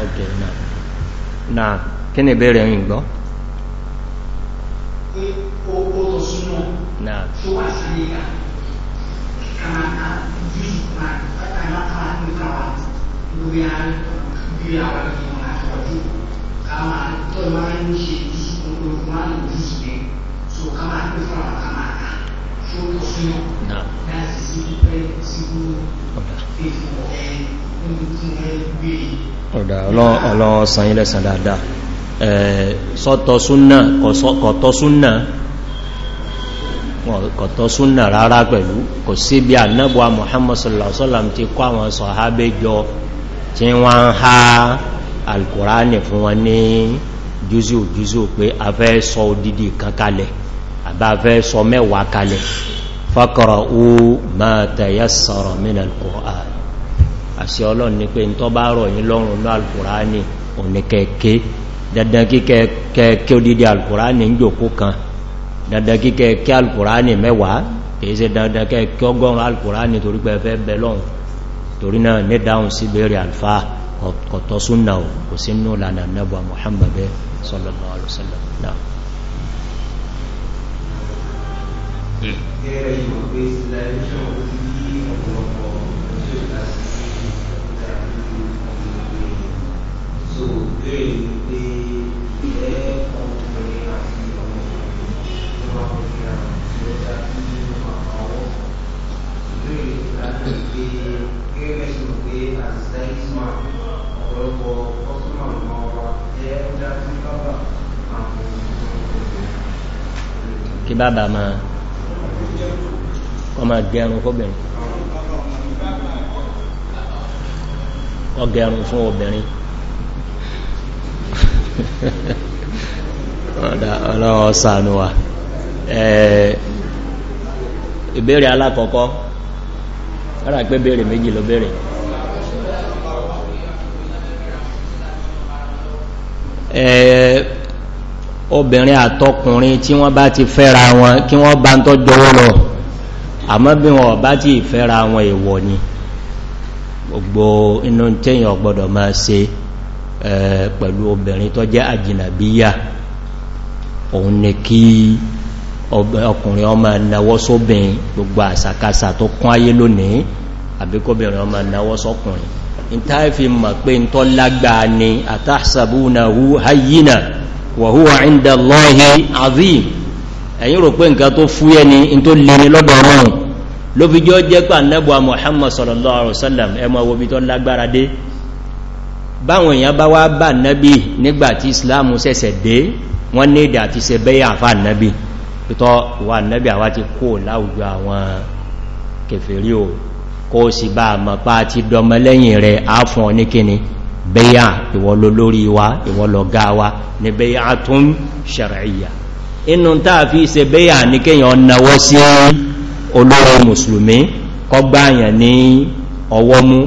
ok na na kí ni ìbéèrè yìí gbọ́ na kama tó lọ́wọ́ ń ṣe ìsìnkú olùkọ́ àti ìsìnkú so kama tó Náà. ọ̀dà ọlọ́wọ́ san ilẹ̀ san dáadáa sọ́tọ̀ súnnà kọ̀tọ̀ súnnà kọ̀tọ̀ súnnà rárá pẹ̀lú kò sí bí annabuwa muhammad sallallahu alaihi wasallam ti kọ́ àwọn sọ̀hábé jọ tí wọ́n ń ha alkùránì fún wọn ní jùzù jùzù pé a fẹ́ sọ odidi kankalẹ̀ àbáfẹ́ sọ mẹ́wàá kalẹ̀ fọ́kọ̀rọ̀ ó máa tẹ̀yẹ sọ̀rọ̀ mínà al-Qur'an àṣẹ ọlọ́run ni pé tó bá rọ̀ yí lọ́rùn ní al-Qur'ani òní kẹ́ẹ̀kẹ́ dandan kíkẹ́ẹ̀kẹ́ odidi al-Qur'ani ń jòkó kan dandan kíkẹ́ẹ̀kẹ́ al-Qur'ani mẹ́wàá kìí ṣe dandan kẹ́ẹ̀kẹ́ ọgọ́rùn al-Qur'ani torí pé fẹ́ bẹ lọ́run gẹ́gẹ́ bí wọ́n máa kọ́ gẹrun fún obìnrin *laughs* ọlọ́wọ́ sànú wa ìbéèrè alákọ̀ọ́kọ́ pé méjì ló obìnrin àtọkùnrin tí wọ́n bá ti fẹ́ra wọn kí wọ́n bá ń tọ́jọ́ wọ́n lọ àmọ́ bí wọn bá ti fẹ́ra wọn èèwọ̀ ni gbogbo inú tẹ́yìn ọgbọ́dọ̀ máa ṣe pẹ̀lú obìnrin tó jẹ́ àjìnàbíyà òun ni kí ọkùnrin ọmọ náwọ́ sóbìn gbogbo àsàkásà tó kún ayé lónìí àbíkóbìnrin ọmọ náwọ́ sọkùnrin in táìfì mọ̀ pé ń tọ́ lágbàá ni àtàṣàbúnahu hayyina wa huwa inda Allahi azim ẹ̀yin rò pé nǹkan tó fúyẹ́ ni n tó lè ní lọ́dọ̀ ọ̀run ló fi jọ́ jẹ́ pé anábọ̀ Muhammad sallallahu alaihi wasallam ẹ mọ̀ wo ibi tó lágbára dé báwọn èèyàn bá wá bá nábì nígbàtí islamu ṣẹ̀ṣẹ̀ dé wọ́n ní èdè àti ṣe bẹ́yà àfà nábì pẹ̀tọ́ wà nábì àwá ti kó láwùjọ àwọn kèfèrí o kó sì bá àmàpá àti dọmọlẹ́yìn rẹ̀ á fún ọ ní kíni bẹ́yà ìwọ̀lò lórí wa ìwọ̀lò ga wa ní bẹ́yà tún ṣàràíyà inú táà fi ṣe bẹ́yà ní kíyàn náwọ́ sí olóòrò musulmi kọgbáyàn ní ọwọ́ mú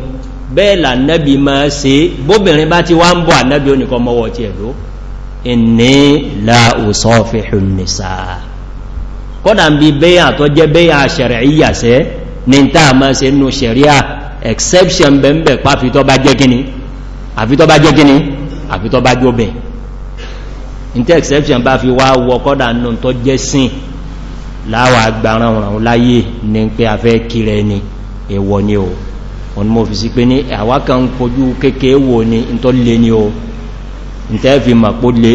bẹ́ẹ̀lá nẹ́bí ma ṣe bóbìnrin bá ti wá ń bọ̀ ànẹ́bí oníkan mọ́wọ́ ti ẹ̀lú ìní láòsọ́fihùn nìsáà exception bẹ̀m̀bẹ̀ pàfi tó bá jẹ́ gíní àfi tó bá jẹ́ kíní àfi tó bá jọ bẹ̀ níta exception bá fi wá wọ kọ́dà nù tó jẹ́ sìn láwà agbára ọ̀ràn láyé ní pé a fẹ́ kírẹ ni èwọ̀ ni o wọn mo fi sí pé ní àwákan ń kojú kéèkéé wò ní tó lè ni o níta fi mọ̀ pó lè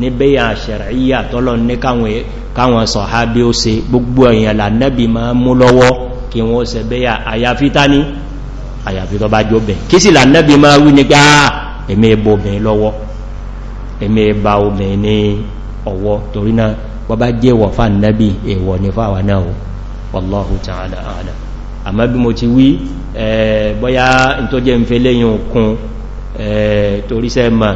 bẹ́yà ní tọ́lọ ní káwọn sọ̀hábí ó se gbogbo èèyàn lànẹ́bì máa mú lọ́wọ́ kí wọ́n ṣe bẹ́yà àyàfi tá ní àyàfi tó bá jó bẹ̀ kí sì lànẹ́bí máa wú ní pé àà èmi ẹbọ obìnrin lọ́wọ́ èmi ẹba obìnrin ní ọwọ́ torí náà wọ́n bá jẹ́ wọ̀ fà nẹ́bí ní fàwà náà ta'ala a'lam àmọ́ bí mo ti wí bọ́yá tó jẹ́ ń fẹ́ lẹ́yìn òkun torí sẹ́ mọ̀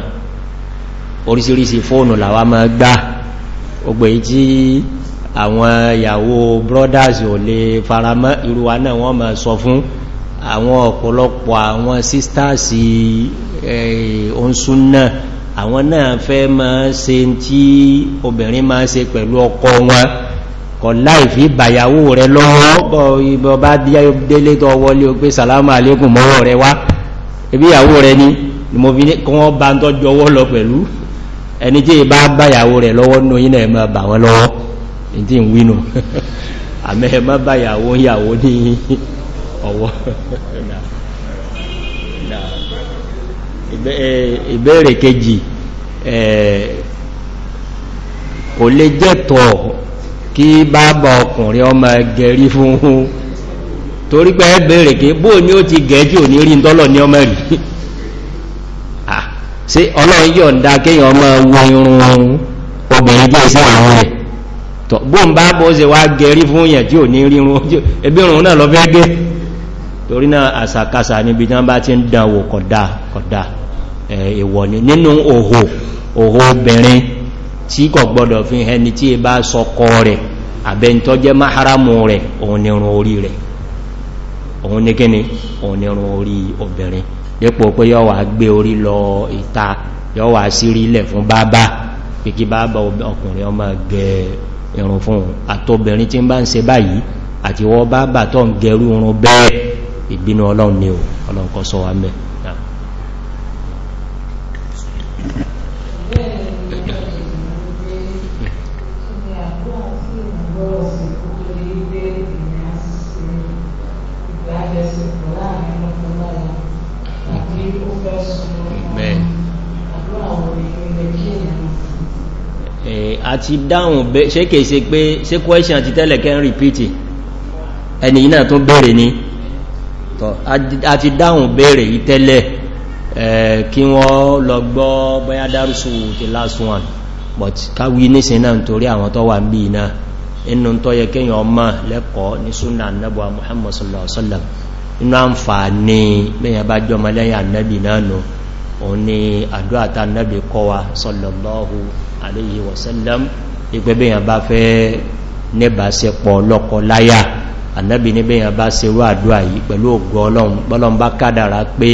àwọn ìyàwó brothers ò lè faramọ́ ìrúwa náà wọ́n ma sọ fún àwọn ọ̀pọ̀lọpọ̀ àwọn sisters oúnsún náà àwọn náà fẹ́ ma se tí obìnrin ma se pẹ̀lú ọkọ wọn kọ̀ láìfí bàyàwó rẹ lọ́wọ́ bọ́ ibọ̀ bá bí i délé tọ́ wọlé o pé sàlámà alékùn mọ́wọ́ rẹ wá ebí ìyàwó rẹ ní mo fi ní kí wọ́n bá ń tọ́jú ọwọ́ lọ pẹ̀lú ẹni ìdí ìwínú àmẹ́ má báyàwó yàwó ní ọwọ́ ìbéèrè kejì kò lè jẹ́tọ̀ kí bàbá ọkùnrin ọmọ gẹ̀rí fún torí pé ẹgbẹ̀rẹ̀ kí bóò ní ó ti gẹ̀ẹ́jì ò ní rí ní ọmọ rí sí ọlọ́run yọ̀ǹda kéèyàn ọmọ wo irun obìnrin tọ̀ bóòn bá bó ṣe wá gẹ̀rí fún yẹn tí ò ní rírun ẹbírùn náà lọ fẹ́ gẹ́ torí náà àsàkásà níbi tán bá ti ń dánwò kọ̀dá kọ̀dá èwọ̀ ni nínú òhò òhò obìnrin tí kọ̀ gbọdọ̀ fi ẹni tí bá sọkọ rẹ̀ àbẹ́ntọ́ jẹ́ máhàrámù rẹ̀ òun ni rún orí rẹ̀ òun ní kíni òun ni rún orí obìnrin dépò pé yọ́ wà gbé orí lọ ìta yọ́ wà sírí ilẹ̀ fún bàbá pé ọkùnrin ọmọ gẹ̀ẹ́ ìrùn fún àtọbìnrin tí ń bá ń ṣe báyìí àti wọ́n bá bà tọ́ ń gẹrú oorun bẹ́ẹ̀ ìbínú ọlọ́run ni ọlọ́run kó ṣọ́ wa ńbẹ̀ àti dáhùn ṣe kèé ṣe pé ṣe question àti tẹ́lẹ̀ kẹ́ ń repeat ẹni yìí náà tún béèrè ni àti dáhùn béèrè yìí tẹ́lẹ̀ kí wọ́n lọ gbọ́ bóyá dárúsù the last one but káwí nísìn náà nítorí àwọn tó wà ń bí iná inú tó yẹ kéèyàn muhammad sallallahu alaihi wasallam inú àǹfààní bẹ́yàn bá jọ ọmọ lẹ́yìn annabi náà nù òun alayhi wa sallam ipẹ́ bẹ́yàn bá fẹ́ nẹ́bà sẹpọ̀ lọ́kọ̀ láyà annabi ní bẹ́yàn bá se rú àdúrà yìí pẹ̀lú ògbọ́ ọlọ́run bá kádàrá pé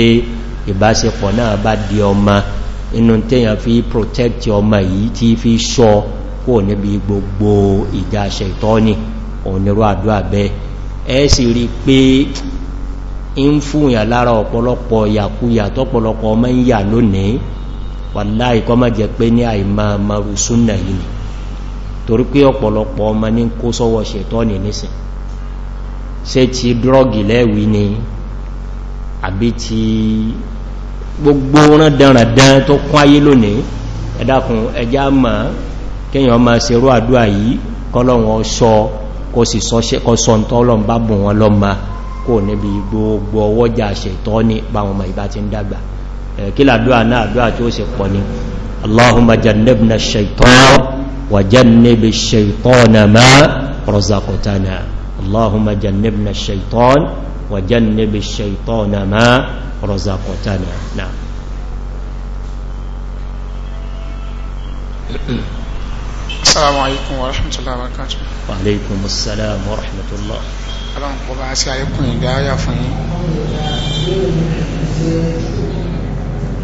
ìbáṣepọ̀ náà bá di ọmọ inú tẹ́yàn fi protect ọmọ yìí tí fi sọ kó níbi gbogbo ìjà ṣẹ̀tọ́ni ònirú àdúrà bẹ́ ẹ sì rí pé ń fún ìyà lára ọ̀pọ̀lọpọ̀ yàkúyà tọ́pọ̀lọpọ̀ ọmọ ń yà lónìí wàláì kọ́ má jẹ pé ní àìmá maru súnà yìí ni torí pé ọ̀pọ̀lọpọ̀ ọmọ ní kó sọ́wọ́ ṣètọ́ ní nísìn ṣe ti drọ́gì lẹ́wì ni àbí ti gbogbo rán dánradán tó kún ayé lónìí ẹ dákun ẹjá mọ̀ kíyàn máa ṣe rú àdúà yìí kọ́lọ̀wọ̀n sọ kó sì sọ tọ́lọ̀ bá bùn wọn lọ́mà kó níbi gbogbo ọwọ́jà ṣètọ́ ní pàwọn ọmọ ìbá ti ń dàgbà Eh, kílà dúà náà dúà tí ó sì pọ̀ ní allahumma jannibna shaitan wa jannibi shaitana ma razaqtana allahumma jannibna shaitan wa jannibi shaitana ma razaqtana na assalamu alaikum wa rahmatullahi wa barakatuh wa alaikum assalam wa rahmatullahi ọlọ́run kọba sí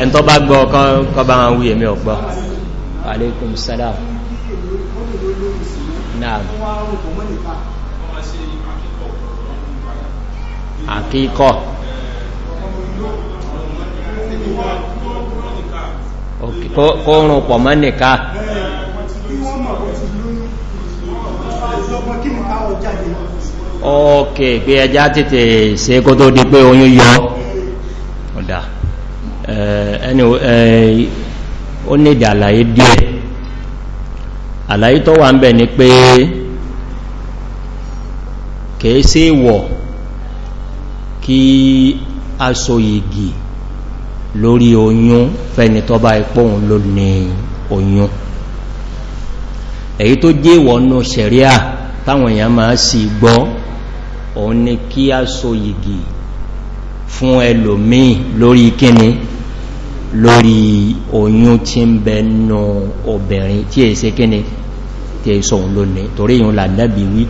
ẹn tó bá gbọ́ kọ́ bá wọn wúyẹ̀ mi ò gbọ́ alaikum salam naam àkíkọ́ kóòrùn pọ̀ mọ́ nìká wọ́n mọ̀ ọ̀tí lóyún ọ̀pọ̀ kí nìká ọjà dìí ọkẹ̀ pé ẹjá tètè ṣe kó tó di pé oyún yọ ọ̀dá ẹni eh, eh, ó nìdí àlàyé díẹ̀ àlàyé tó wà ń bẹ̀ ni pé kèé sí ìwọ̀ kí aṣọ yìgì lórí oyún fẹ́ni tó bá ipóhun ló ní oyún èyí tó jẹ́ ìwọ̀nú sẹ̀ríà táwọn èèyàn máa sì gbọ́ òun ni kí a so yìgì fún ẹlòmíì lórí kíni lórí oyún tí ń bẹ nù obìnrin tí è ṣe kíni tí è sọ òun lónìí torí ìhun lànàbí wí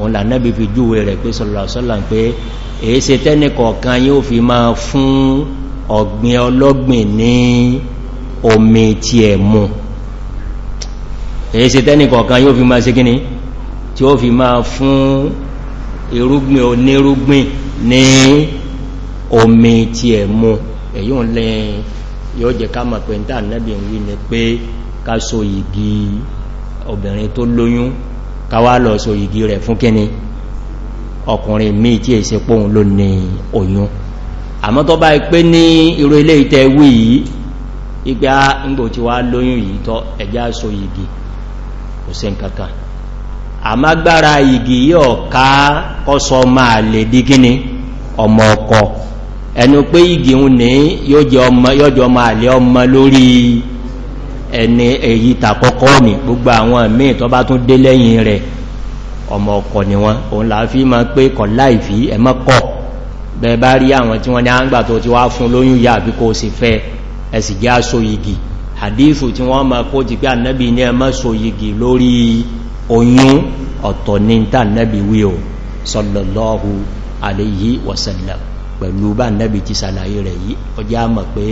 òun lànàbí fi júwe rẹ̀ pé sọ́lọ̀sọ́lọ̀ pé èé ṣe tẹ́nìkọ̀ọ̀kan yóò fi máa fún ọ̀gbìn ọlọ́gbìn ní omi tí ẹ̀ mú èé ṣe tẹ́nìkọ̀ọ̀kan yóò fi máa ṣe kíni tí ó fi máa fún irúgbìn onírúgbìn ní omi tí ẹ̀ mú èyí ń lẹ yóò jẹ ká anabi pé ni pé ká so igi obìnrin tó lóyún ká wá lọ so igi rẹ̀ fún kíni ọkùnrin míì tí èsẹ pòun ló ní oyún àmọ́ tó bá pé ní irú ilé ìtẹ́ wí yìí ipẹ́ ń gbò àmágbára igi yíò ká kọ́sọ máa lè dí gíní ọmọ ọkọ̀ ẹnu pé igi ń ní yóò máa lè ọmọ lórí ẹni èyí tàkọ́kọ́ ní gbogbo àwọn míì tó bá tún dé lẹ́yìn rẹ̀ ọmọ ọkọ̀ ni wọ́n òun láàfí ma pé kọ̀ láìfí ẹmọ́kọ̀ bẹ́ẹ̀ bá rí àwọn tí wọ́n ní àǹgbà tó ti wá fún lóyún yà bí kò sì fẹ́ ẹ̀sì jẹ́ aṣọ igi hadithu tí wọ́n ma kó ti pé ànábì ní ẹmọ́ so igi lórí oyún ọ̀tọ̀ ní ta nẹ́bí wí o sallallahu alayhi wa sallam pẹ̀lú bá nẹ́bí ti sàlàyé rẹ̀ yìí ọjá mọ̀ pé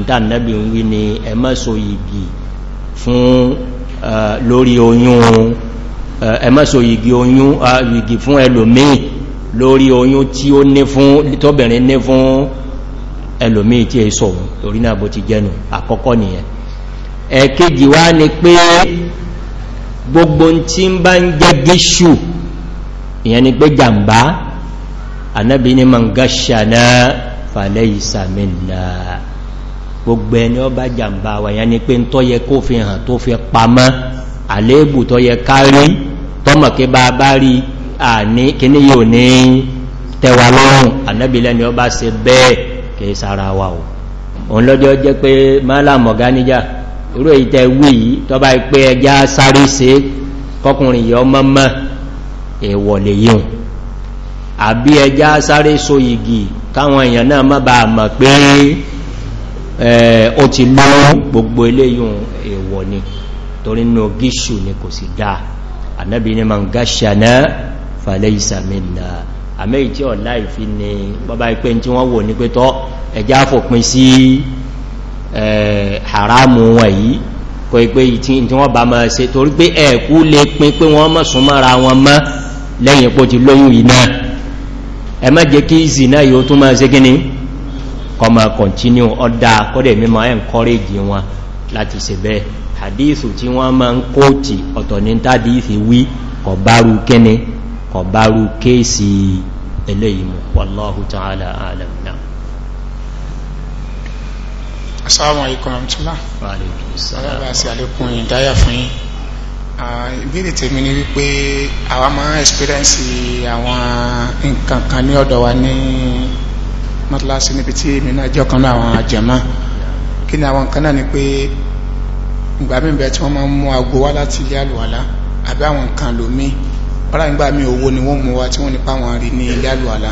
ìta nẹ́bí ń wí ni ẹmọ́sọ yìí fún lórí oyún ẹmọ́sọ yìí fún ẹlòmíì lórí oyún tí ó ní fún tóbìnrin ní fún ẹlòmíì tí è sọ̀rọ̀ náà bó ti jẹ́nu àkọ́kọ́ nìyẹn ẹ̀kejì wá ni pé gbogbo tí ń bá ń jẹ́ gíṣù ìyẹn ni pé jàmbá anábi ni ma ń gáṣà náà fàlẹ́ ìsàmìnà gbogbo ẹni ọba jàmbá wà yẹn ni pé ń tọ́ yẹ kó fi hàn tó fi pamọ́ àléébù tọ́ yẹ kárí tọ́mọ̀ké bá bá rí kíní yóò ní tẹwà lọ́rùn anábi lẹ́ni ọba se bẹ́ẹ̀ kìí sára wa ò irú èyí tẹ wí yìí tọba ìpé ẹja sáré ṣe kọkùnrin yìí ọmọ mọ èèwọ̀ lè yíun àbí ẹja sáré so igi káwọn èèyàn náà má bàa mọ̀ pé ó ti lọ gbogbo eléyìn èèwọ̀ ni torí nù gíṣù ni kò sì dáa ànábì ní ma ń gáṣà náà fàlẹ́ ìsàmìnà àmẹ́ ni bọ́bá ìpé tí wọ́n wò ní pé Eh, haramu wọn yìí kò ipé tí wọ́n bá máa ṣe torí pé ẹ̀kú lè pin pé wọ́n mọ́ súnmọ́ra wọn mọ́ lẹ́yìn pò ti lóyún iná ẹ má jẹ́ kí zina yóò tún máa ṣe gíní kọ continue ọdá kọ́dẹ̀ mímọ̀ encourage wọn láti ṣe hadithu tí wọ́n ń kóòtì ọ̀tọ̀ ní wí kéèsì asalaamu alaykum amtula ọlọ́ba àti àlékún ìdáyà fún yín ìbéèrè tèmi ni wípé àwa máa ń experience àwọn nǹkan kan ní ọ̀dọ̀ wa ní mọ́tíláṣí níbi tí èmi náà jẹ́ ọ̀kan náà àwọn àjẹmọ́ kí ni àwọn nǹkan náà ni pé ìgbà mi bẹ tí wọ́n máa ń mú agbo wá láti ilé àlùwàlá àbí àwọn nǹkan lòmíì wọ́n láì gbà owó ni wọ́n mú wá tí wọ́n nípa àwọn rí ní ilé àlùwàlá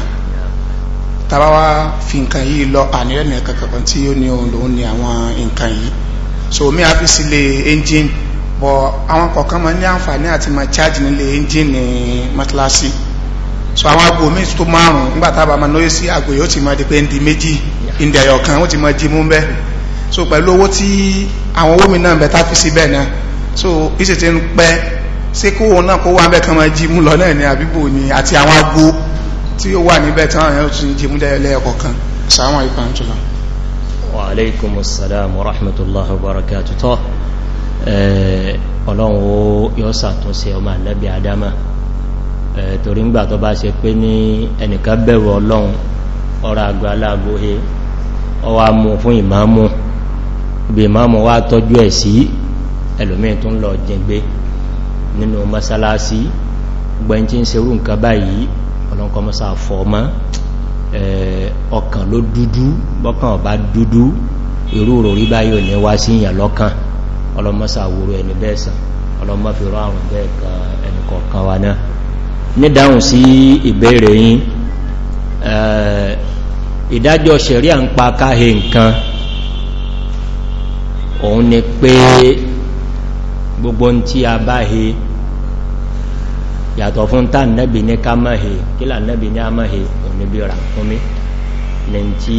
tàbá wá fi nǹkan yìí lọ ànírẹ́nì kankan tí ó ní òun lòun ní àwọn nǹkan yìí so omi àfi sílé engine bọ̀ àwọn kọ̀ọ̀kan máa ní àǹfààní àti máa charge nílé engine matlasi so àwọn agbo mi tó márùn nígbà tábà ma lóye sí agbo yóò ti máa di pé ń di méjì ìdí ẹ̀yọ̀ ó ti máa jí mú bẹ́ẹ̀ so pẹ̀lú owó tí àwọn owó mi náà bẹ̀ tá fi sí bẹ́ẹ̀ náà so ìṣètò ń pẹ́ ṣé kó wọn náà kó wá bẹ́ẹ̀ kan máa jí mú lọ náà ní àbíbò ni àti àwọn agbo tí ó wà níbẹ̀ tí àwọn ẹ̀rùn ti mú dẹ́lẹ́ ẹ̀kọ̀ kan sàwọn ìpàn tó lọ wa alaikumu salamu rahmatullahi wa barakatuh tọ́ ọlọ́run ó yọ́ sàtúnṣe ọmọ ànábì adama torí ń gbà tó bá ṣe pé ní ẹnìkan bẹ̀rù ọlọ́run ọ̀rọ̀ àgbà ń lọ jẹgbé nǹkan báyìí ọlọ́nkọmọ́sá fọ́ọ́mọ́ ọkàn ló dúdú bọ́kàn ọba dúdú irú òròrí báyìí ò ní wá sí ìyàn lọ́kàn ọlọ́mọ́sá wòrò ẹni bẹ́ẹ̀ sàn ọlọ́mọ́ fi rọ àrùn bẹ́ẹ̀ kan ẹnì kọ̀ọ̀kan wa náà nídáhùn sí ìbéèrè yín ìdájọ́ ṣẹ̀rí à ń pa káhe yàtọ̀ fún tá nẹ́bì ní ká mọ́he kí là nẹ́bì ní a mọ́he òníbí ra fún mi ní tí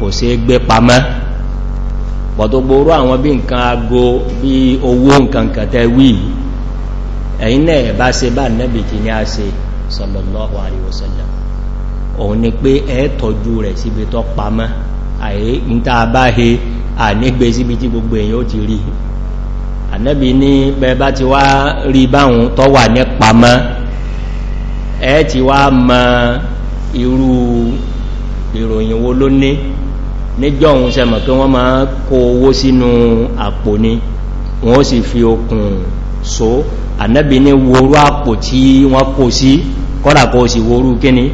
kò sí gbé pamọ́ pọ̀tọ̀gbòrò àwọn bí nǹkan ago bí owó nǹkan kẹtẹ wí ẹ̀yìn náà bá se bá nẹ́bì tí ní a se sallallahu alaihi ànábì ní bẹ̀ẹ̀bá ti wá rí báhùn tó wà ní pamọ́ ẹ ti wá mọ irú ìròyìn wo ló ní níjọ́ òun sẹmọ̀ pé wọ́n máa kó owó sínú àpò ni wọ́n sì fi okùn so ànábì ní worú àpò tí wọ́n kó sí kọ́dà kó worú kíní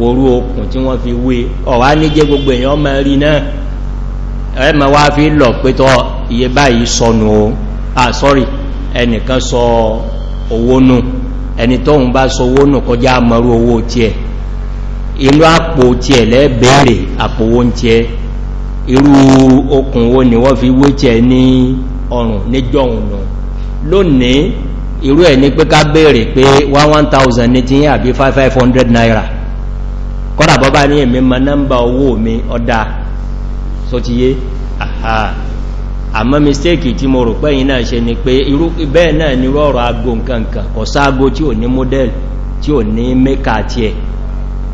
worú okùn tí wọ́n fi wé ọ̀wá níjẹ́ gbogbo èèyàn máa náà ẹ ma wá fi lọ pé iye báyìí sọnù o ah sorry ẹnìkan sọ owó nù ẹni tóhun bá sọ owó kọjá mọ́rú owó tí ẹ inú àpò tí ẹ lẹ́bẹ̀ẹ̀rẹ̀ àpò owó tí ẹ irú okùn ni wọ́n fi wó tí ẹ ní ọrùn níjọ ọ̀nà lónìí irú ẹ̀ ní pé ká pé 1000 ní tí naira kọ́nà bọ́bá ní nọ́mbà mi ọ̀dá ti yé àmọ́ mistake tí mo rò pé yìí náà ṣe ni pé irú bẹ́ẹ̀ náà ni rọrọ̀ ago nkankan kọ̀ sáàgó tí ò ní model tí ò ní mẹ́ka tí ẹ̀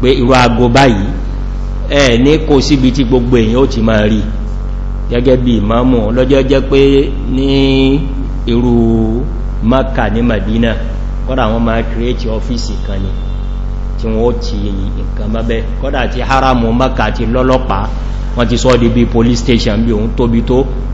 pé irú ago báyìí ẹ̀ ní kò síbi tí gbogbo èyàn ó ti máa rí gẹ́gẹ́ bí ìmáàmù lọ́jọ́ jẹ́ pé ní irú Maka ní Madina kọ́dà wọ́n máa create ọ́fíìsì kan ni tí wọ́n ti nǹkan mẹ́bẹ́ kọ́dà ti haramu Maka ti lọ́lọ́pàá wọ́n ti sọ́ di bí police station bí òun tóbi tó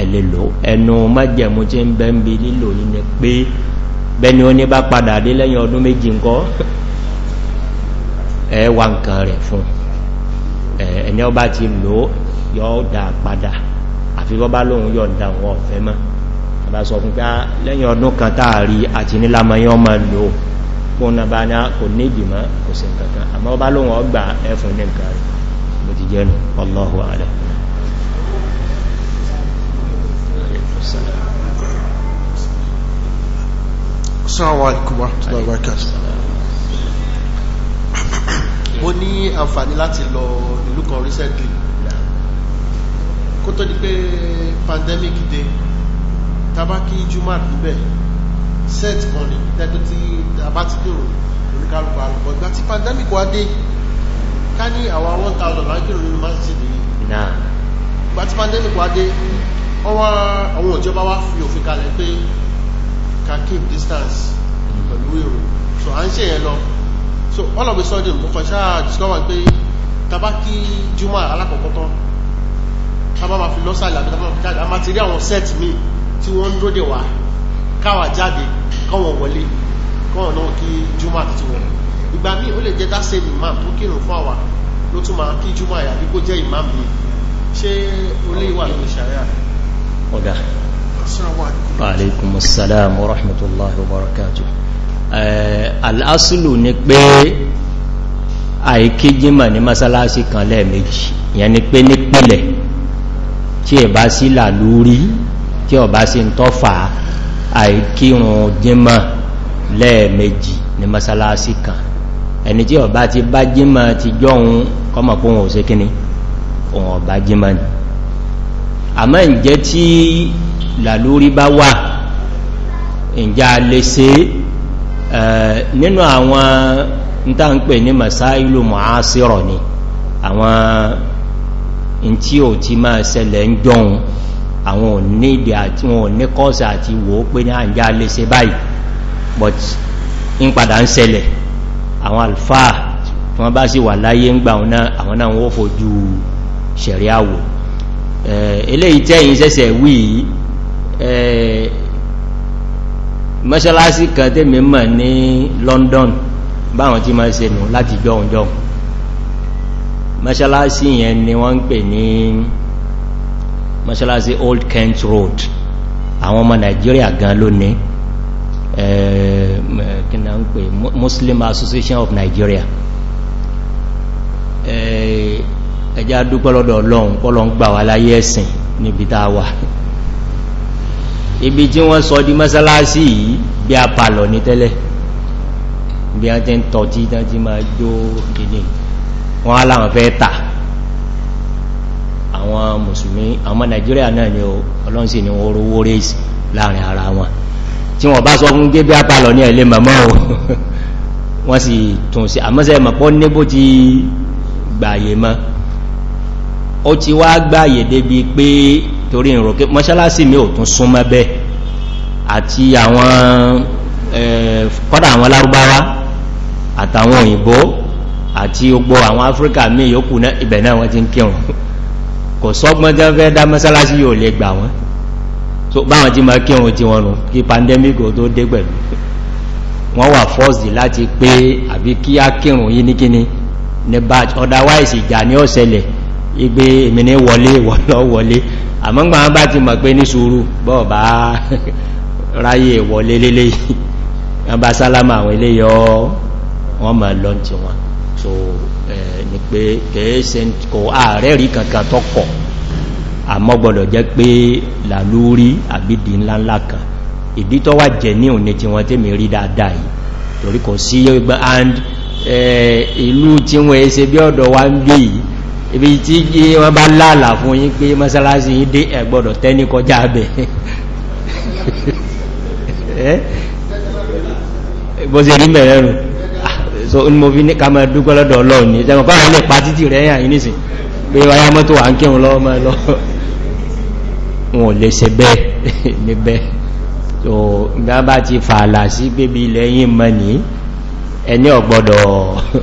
ẹ̀lẹ́ lò ẹnu májẹ̀mú tí ń bẹ́ ń bi lílò yìí ni pé bẹ́ni ó ní bá padà dé lẹ́yìn ọdún méjì ńkọ́ ẹ wà nǹkan rẹ̀ fún ẹni ọba ti lò yọ dá padà àfi bọ́bá lóhun yọ dá wọn ọ̀fẹ́ mọ́ àbá sọ fún pé lẹ́yìn ọdún kan táàrí àti nílámọ́yán ọmọ Assalamu alaikum wabarakatuh mo ní àǹfààní láti lọ ìlú kan recently kó tó di pé pandemic dé tabaki jumat níbẹ̀ set kan ní tẹ́tọ́ tí a bá ti dèrò oníkálùkù alùpọ̀ ìgbà tí pandemic wá dé ká ní àwọn 1000 lágbèrò nínú masjid yìí ìgbà tí pandemic wá dé àwọn ìjọba wá fi òfin kalẹ̀ pé ka keep distance pẹ̀lú èrò so a ń ṣe yẹn lọ so all of a sudden mo kàn discover pé tàbá kí alákọ̀ọ́kọ́ tán tàbá ma fi lọ́sàlẹ̀ àbí tàbá ma fi jáde a ma ti rí àwọn set mi tí wọ́n ń dóde wà káwà jáde káwọn wọlé káwọn náà kí jùmọ̀ àti tiwọn ìgbà míì ó lè jẹ́ that imam tó kírun fún àwa ló tún ma kí jùmọ̀ àyàbí kó jẹ́ imam mi ṣé olè wà lórí ṣàríà ọ̀gá alaikum assalamu rahmatullahi wa barakatuh eh, al'asulu ni pé àìkí jíma ní masalasi kan lẹ́ẹ̀mejì yẹn ni pé nípìlẹ̀ tí ẹ bá sí làlúrí tí ọ bá sí ń tọ́fà àìkírun jíma lẹ́ẹ̀mejì ní masalasi kan ẹni tí ọ bá ti bá jíma ti jọun kọmọ̀kún òsèkíní òun ọ̀bá jíma ni àmọ́ ǹjẹ́ tí làlórí bá wà ǹjẹ́ a lè ṣe nínú àwọn ìtàǹpẹ̀ ní masáìlú mọ̀ásírọ̀ ni àwọn tí ò ti máa ṣẹlẹ̀ ń jọun àwọn òní ìdí àti wọn òní kọ́ọ̀sì àti wò ó pé ní àǹjẹ́ lè ṣe báyìí but ń padà ń ṣẹlẹ̀ àwọn alfáà wọ́n bá sì wà láyé ń gbà àwọn náà wọ́n fojú ṣẹ̀rí Eh, eléyìí tẹ́yìn sẹ́sẹ̀ wí yìí eh, mọ́ṣálásí kan tẹ́mi mọ̀ ní London báwọn tí máa ṣe nù láti jọun jọun mọ́ṣálásí yẹn ni wọ́n ń pè ní mọ́ṣálásí Old Kent Road àwọn ọmọ Nigeria gan lónìí eh, kí náà ń pè Muslim Association of Nigeria ẹjá dúpọ́lọ́dọ̀ ọlọ́run kọ́lọ́n gbà wà láyé ẹ̀sìn níbi tàà wà ibi tí wọ́n sọ di mọ́sálásí yìí bí a pàlọ̀ ní tẹ́lẹ̀ bí a ti ń tọ́ tí tán ti máa jó gini wọ́n aláwọn fẹ́ tà àwọn mùsùlùmí àwọn nàìjíríà náà ni ọlọ́run sì ni wọ́n rówó rèsì láàrin ara wọn tí wọ́n bá sọ fún gé bí a pàlọ̀ ní ẹ̀lẹ́ màmá o *laughs* wọ́n sì tún sí àmọ́sẹ̀ mọ̀pọ́ níbo ti gbàyè mọ́ ó ti wá gbáyè débi pé torí ìròkè mọ́ṣálásí mi ò tún súnmọ́ bẹ́ àti àwọn kọ́dà àwọn lárúbáwá àtàwọn òyìnbó àti ogbó àwọn áfíríkà mí yóò kù ibẹ̀ náà wọ́n ti ń kírùn kò sọ́gbọ́n jẹ́ fẹ́ dá mọ́ṣálásí yóò lè gbà wọ́n so báwọn ti máa kírùn ti wọn nù kí pandemic ò tó dé pẹ̀lú wọ́n wà fọ́sì láti pé àbí kí á kírùn yí ní kíní ní batch otherwise ìjà ní ọ̀sẹ̀lẹ̀ igbe ìmìnì wọlé wọlọ́ *laughs* wọlé àmọ́gbà bá ti mọ̀ pé ní sùúrù bọ́ bá *laughs* ráyè wọlé lélé yìí *laughs* bá sálámà àwọn ilé yọ wọ́n mọ̀ lọ tí wọ́n so ní pé kẹ́ẹ́sẹ̀ kò ààrẹ rí kankan tọ́kọ̀ àmọ́ gbọ́dọ̀ jẹ́ pé làlúrí àbídì ńláńlá kan ìdí tó wà jẹ ní òní tí wọ́n tí mi rí dáadáa yìí torí kò sí ìlú tí wọ́n ẹsẹ bí ọ̀dọ̀ wa ń gbé yìí ibi tí jí wọ́n bá láàlà fún yín pé mọ́sálásí yí dé ẹ̀gbọ́dọ̀ tẹ́ní bẹ̀ *laughs* bó ṣe rí mẹ̀rẹ̀rùn so ní mo fi ní ká máa dúpẹ́ lọ́dọ̀ ọlọ́run ní ìjẹun fáwọn ilẹ̀ pa títì rẹ̀ yà *laughs* so bí a bá ti fààlà sí gbébí ẹni ọ̀gbọ́dọ̀ *laughs*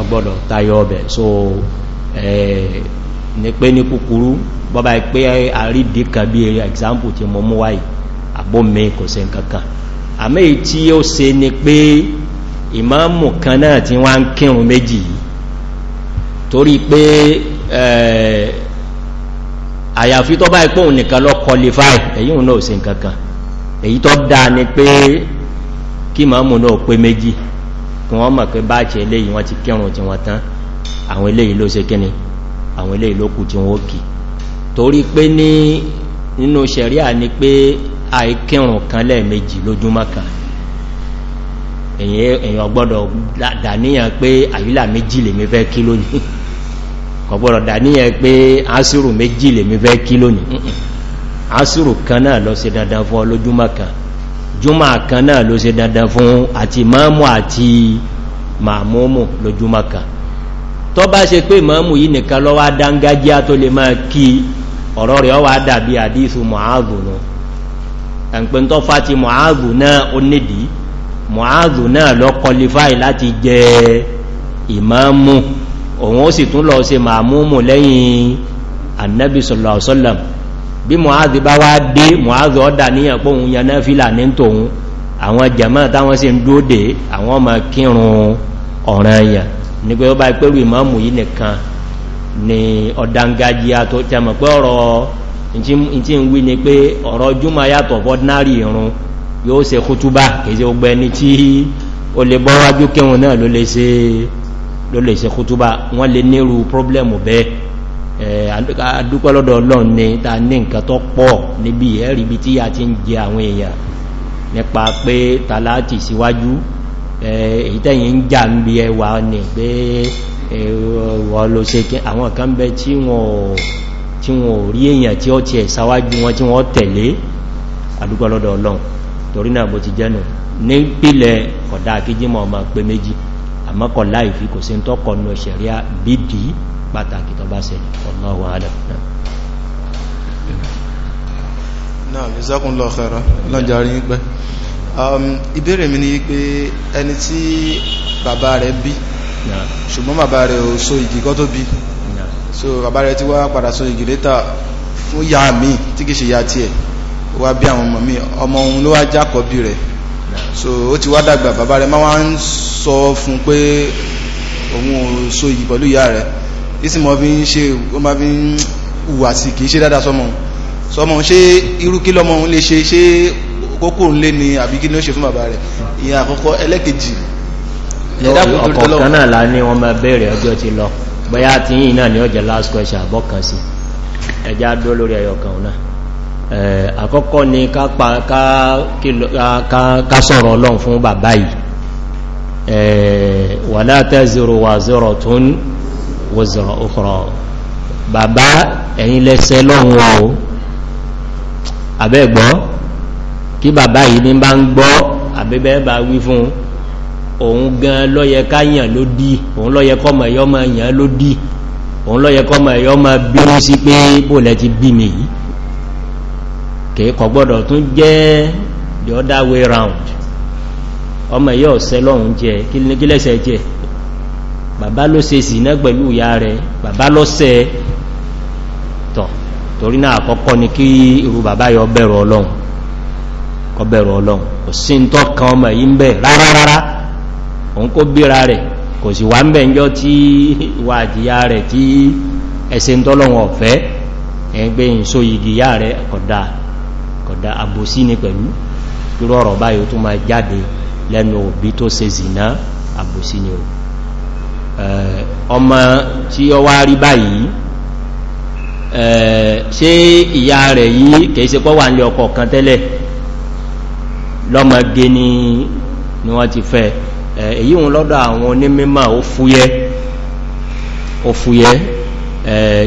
ọgbọ́dọ̀ tayọ ọbẹ̀ so ní pé ní kúkúrú bọ́bá pé àrídì kan bí example tí mọ́ mú wáyìí àbómi kò se nkankan àmẹ́ tí ó se ni pé ìmáàmù kan náà tí wọ́n ń kírun méjì yìí torí pé àyàfi tó bá ipò nìkan lọ qualify èyí náà ò se nkankan èyí tó dáa ni pé kí ìmáàmù náà pé méjì kí wọ́n mọ̀ pé báàkì eléyìí wọ́n ti kírùn tí wọ́n tán àwọn eléyìí ló ṣe kíni àwọn eléyìí ló kù tí wọ́n kì torí pé ní nínú ṣẹ̀ríà ni pé àìkírùn kan lẹ́ẹ̀mejì lójúmọ́ kan èyàn gbọ́dọ̀ dàníyàn pé àyílà méjì lè mi kan jùmọ̀ kan náà ló ṣe dandan fún àti mọ́mù àti màmúmù lójúmọ̀ kan tó bá ṣe pé mọ́mù yìí nìkan lọ́wọ́ dángájíá tó lè máa kí ọ̀rọ̀ rẹ̀ ọwà dàbí àdísù mọ̀háàzù náà ẹ̀ǹpẹ́ tó fà ti mọ̀háàzù náà ó nìdí mọ̀háàzù náà lọ kọlifáì annabi sallallahu alaihi wasallam bí Mu'adh bá wá dé Mu'adh ọ́dà níyàn pé òun yaná fílà ní tòun àwọn jàmáà táwọn sì ń dúó dé àwọn ọmọ kírun ọ̀ràn èèyàn ní ó bá pẹ̀lú ìmáàmù yìí nìkan ni ọ̀dángájíá tó tẹ́mọ̀ pé ọ̀rọ̀ tí ń wí ni pé ọ̀rọ̀ júmọ̀ yàtọ̀ ordinary irun yóò ṣe kútúbà kèsè ogbẹ́ ni tí ó lè bọ́ wájú kírun náà ló àdúpẹ́lọ́dọ̀ eh, ọlọ́run ni ta ní nǹkan tó pọ̀ níbi ẹ̀rí bí tí a ti ń jẹ àwọn èèyàn nípa pé tàláti síwájú ìtẹ́yìn eh, ń jà ń bí ẹwà ní pé ẹwà eh, ló ṣe kí àwọn kan bẹ tí wọ́n rí èèyàn tí ó ti ẹ̀ sáwájú wọn tí wọ́n tẹ̀lé ọlọ́run pàtàkì tó bá ṣẹlẹ̀ ọ̀nà wà ádà náà jazakumullahu khairan lọ́jàrí pẹ́ um, ìbéèrè mi ni pé ẹni tí bàbá rẹ̀ bí ṣùgbọ́n bàbá rẹ̀ ò so igi kọ́ tó bí so bàbá rẹ̀ ti wá padà so igi létà fún ya mi tí kìí ṣe ya tiẹ̀ wá bí àwọn ọmọ mi ọmọ òun ló wá jákọ̀ bí rẹ̀ so ó ti wá dàgbà bàbá rẹ̀ máa ń sọ fún pé òun ò so igi pẹ̀lú ìyá rẹ̀ ìsìn mọ́ bí ń ṣe ó máa bí ń hùwà sí kìí ṣe dáadáa sọmọ sọmọ ṣé irú kí lọmọ òun lè ṣe ṣé kókó òun lé ni àbí kí ni ó ṣe fún bàbá rẹ̀ ìyẹn àkọ́kọ́ ẹlẹ́kejì ọ̀kọ̀ọ̀kan náà la ní wọ́n ni ó jẹ́ last question àbọ́kan sí ẹjá dó lórí ni ká sọ̀rọ̀ ọlọ́run fún bàbá yìí wà látẹ́ 0 wazra ukhra bàbá ẹ̀yin lẹ́sẹ̀ lọ́hun o àbẹ́gbọ́ kí bàbá yìí ní bá ń gbọ́ àbẹ́bẹ́ bá wí fún òun gan lọ́yẹ káyàn ló dí òun lọ́yẹ kọmọ ẹ̀yọ́ yàn ló dí òun lọ́yẹ kọmọ ẹ̀yọ́ ma bínú sí pé bóòlẹ̀ ti bí mi yìí the other way round ọmọ yóò sẹ́lọ́hun bàbá ló ṣe sìná pẹ̀lú ìyá rẹ̀ bàbá lọ́sẹ̀ tọ̀ torí náà àkọ́kọ́ ni kí irú bàbá yọ bẹ̀rù ọlọ́run kọ bẹ̀rù ọlọ́run kò sí ń tọ́ kan ọmọ yìí ń bẹ̀ rárárárá òun kó bíra rẹ̀ kò sì wá ń bẹ̀ ńjọ́ tí rẹ̀ tí ń tọ́lọ́run ọ̀fẹ́ ẹgbẹ́ ìṣó igi yá rẹ̀ àbòsí ni pẹ̀lú báyìí ó tún máa o Eh, ọmọ tí ó wá rí báyìí eh, ṣé ìyá rẹ̀ yìí kìí ṣe pọ́ wà ní ọkọ kan tẹ́lẹ̀ lọ́mọdé ni wọ́n ti fẹ́ eh, èyí wọn lọ́dọ̀ àwọn onímímọ̀ ó fúyẹ́ ó fúyẹ́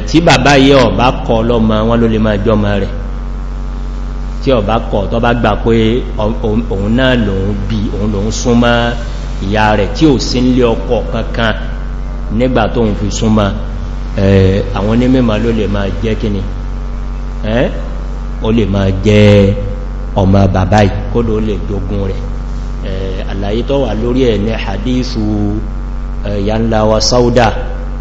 tí bàbá yẹ ọ̀bá kọ lọ́mọ wọn ló lè máa jọmọ rẹ̀ tí ọ̀bá kọ̀ tó bá gbà pé òun náà lòun bí òun lòun súnmọ́ ìyá rẹ̀ tí ò sí nílé ọkọ kankan nígbà tó ń fi súnmọ́ àwọn onímẹ́mà ló lè máa jẹ́ kíni ó lè máa jẹ́ ọmọ bàbá yìí kódò lè jogun rẹ̀ àlàyé tó wà lórí ẹ̀ ní hadithu yanlawa sauda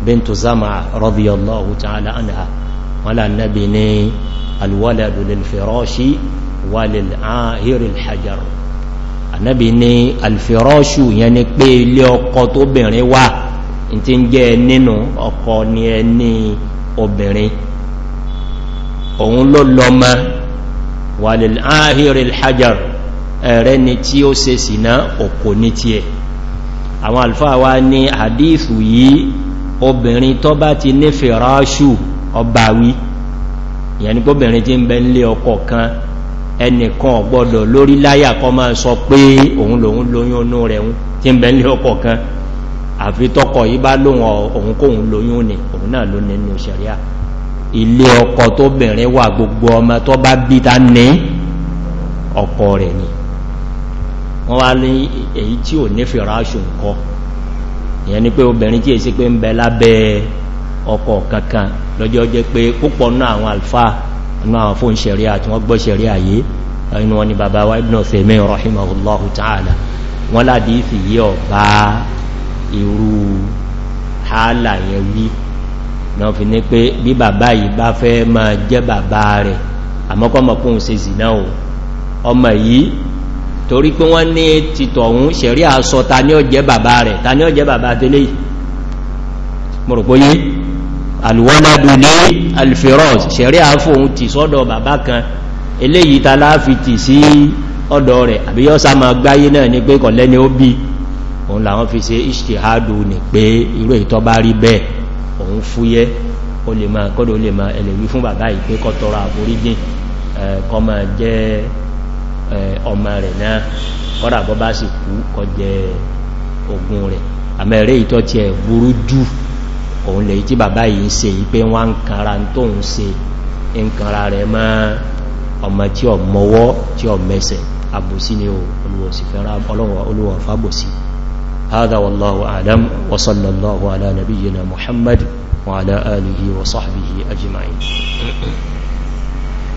bintu zama radiyallahu ta'ala anha wala nabi ni alwaladu lil firashi tí ń jẹ́ nínú ọkọ ni ẹni obìnrin òun ló lọ́mọ wà lè áhìrì hajjar ẹ̀rẹ́ ni tí ó se sínà òkò ní tí ẹ̀ àwọn alfáà wá ní àdífù yìí obìnrin tó bá ti ní fìráṣù ọbáwí ìyẹni góbìnrin tí ń bẹ nílé ọkọ kan ẹnìkan ọ̀gbọ́dọ̀ lórí láyà máa sọ pé òun lòun lóyún onú rẹ̀ tí ń bẹ nílé ọkọ kan àfi tọ́kọ yìí bá lóhun òun kóhun lóyún ni òun náà ló nínú ṣẹ̀ríà ilé ọkọ tó bẹ̀rẹ̀ wà gbogbo ọmọ tó bá bí ní ọkọ rẹ̀ ni wọ́n wá ní èyí tí ò ní fìrà aṣò nǹkan ìyẹn ni pé obìnrin tí èsí pé ń bẹ lábẹ́ ọkọ kankan lọ́jọ́ jẹ́ pé púpọ̀ náà àwọn alfa náà àwọn fóun ṣẹ̀ríà tí wọ́n gbọ́ ta'ala wọ́n ládìí fìyí irú hálà yẹn wí náà fi ní pé bí bàbá yìí bá fẹ́ máa jẹ́ bàbá rẹ̀ àmọ́kọ́mọ̀kún ṣe zìnà ò ọmọ yìí torí pé wọ́n ní títọ̀hún ṣẹ̀rí àsọ ta ní ọjẹ́ bàbá rẹ̀ ta ní ọjẹ́ bàbá tẹ́lẹ̀ mọ̀rọ̀póyí alùwọ́ládù ní alfiroz ṣẹ̀rí àfóhun ti sọ́dọ̀ bàbá kan eléyìí ta láàfi ti sí ọ̀dọ̀ rẹ̀ àbíyọ́sá ma gbáyé náà ní pé kọ̀lẹ́ni ó bíi òun làwọn fi ṣe ìṣtìhádù ní pé irú ìtọ́ bá rí bẹ́ẹ̀ òun fúyẹ́ o lè máa kọ́dọ̀ o lè máa ẹlẹ̀wí fún bàbá ìpé kọ́tọrọ àforíjìn kọ́ máa jẹ́ ọmọ rẹ̀ náà kọ́dà bọ́ bá sì kú kọ́ jẹ ogun rẹ̀ àmẹ́rẹ́ ìtọ́ ti ẹ̀ burú jù òun lè tí bàbá yìí ń ṣe ìpé wọ́n ń kanra tó ń ṣe ń kanra rẹ̀ mọ́ ọmọ tí ọmọwọ́ tí ọmẹsẹ̀ àbòsí ni olùwọ̀sí fẹ́ràn ọlọ́wọ̀ fábòsí هذا والله أعلم وصلى الله على نبينا محمد وعلى آله وصحبه أجمعين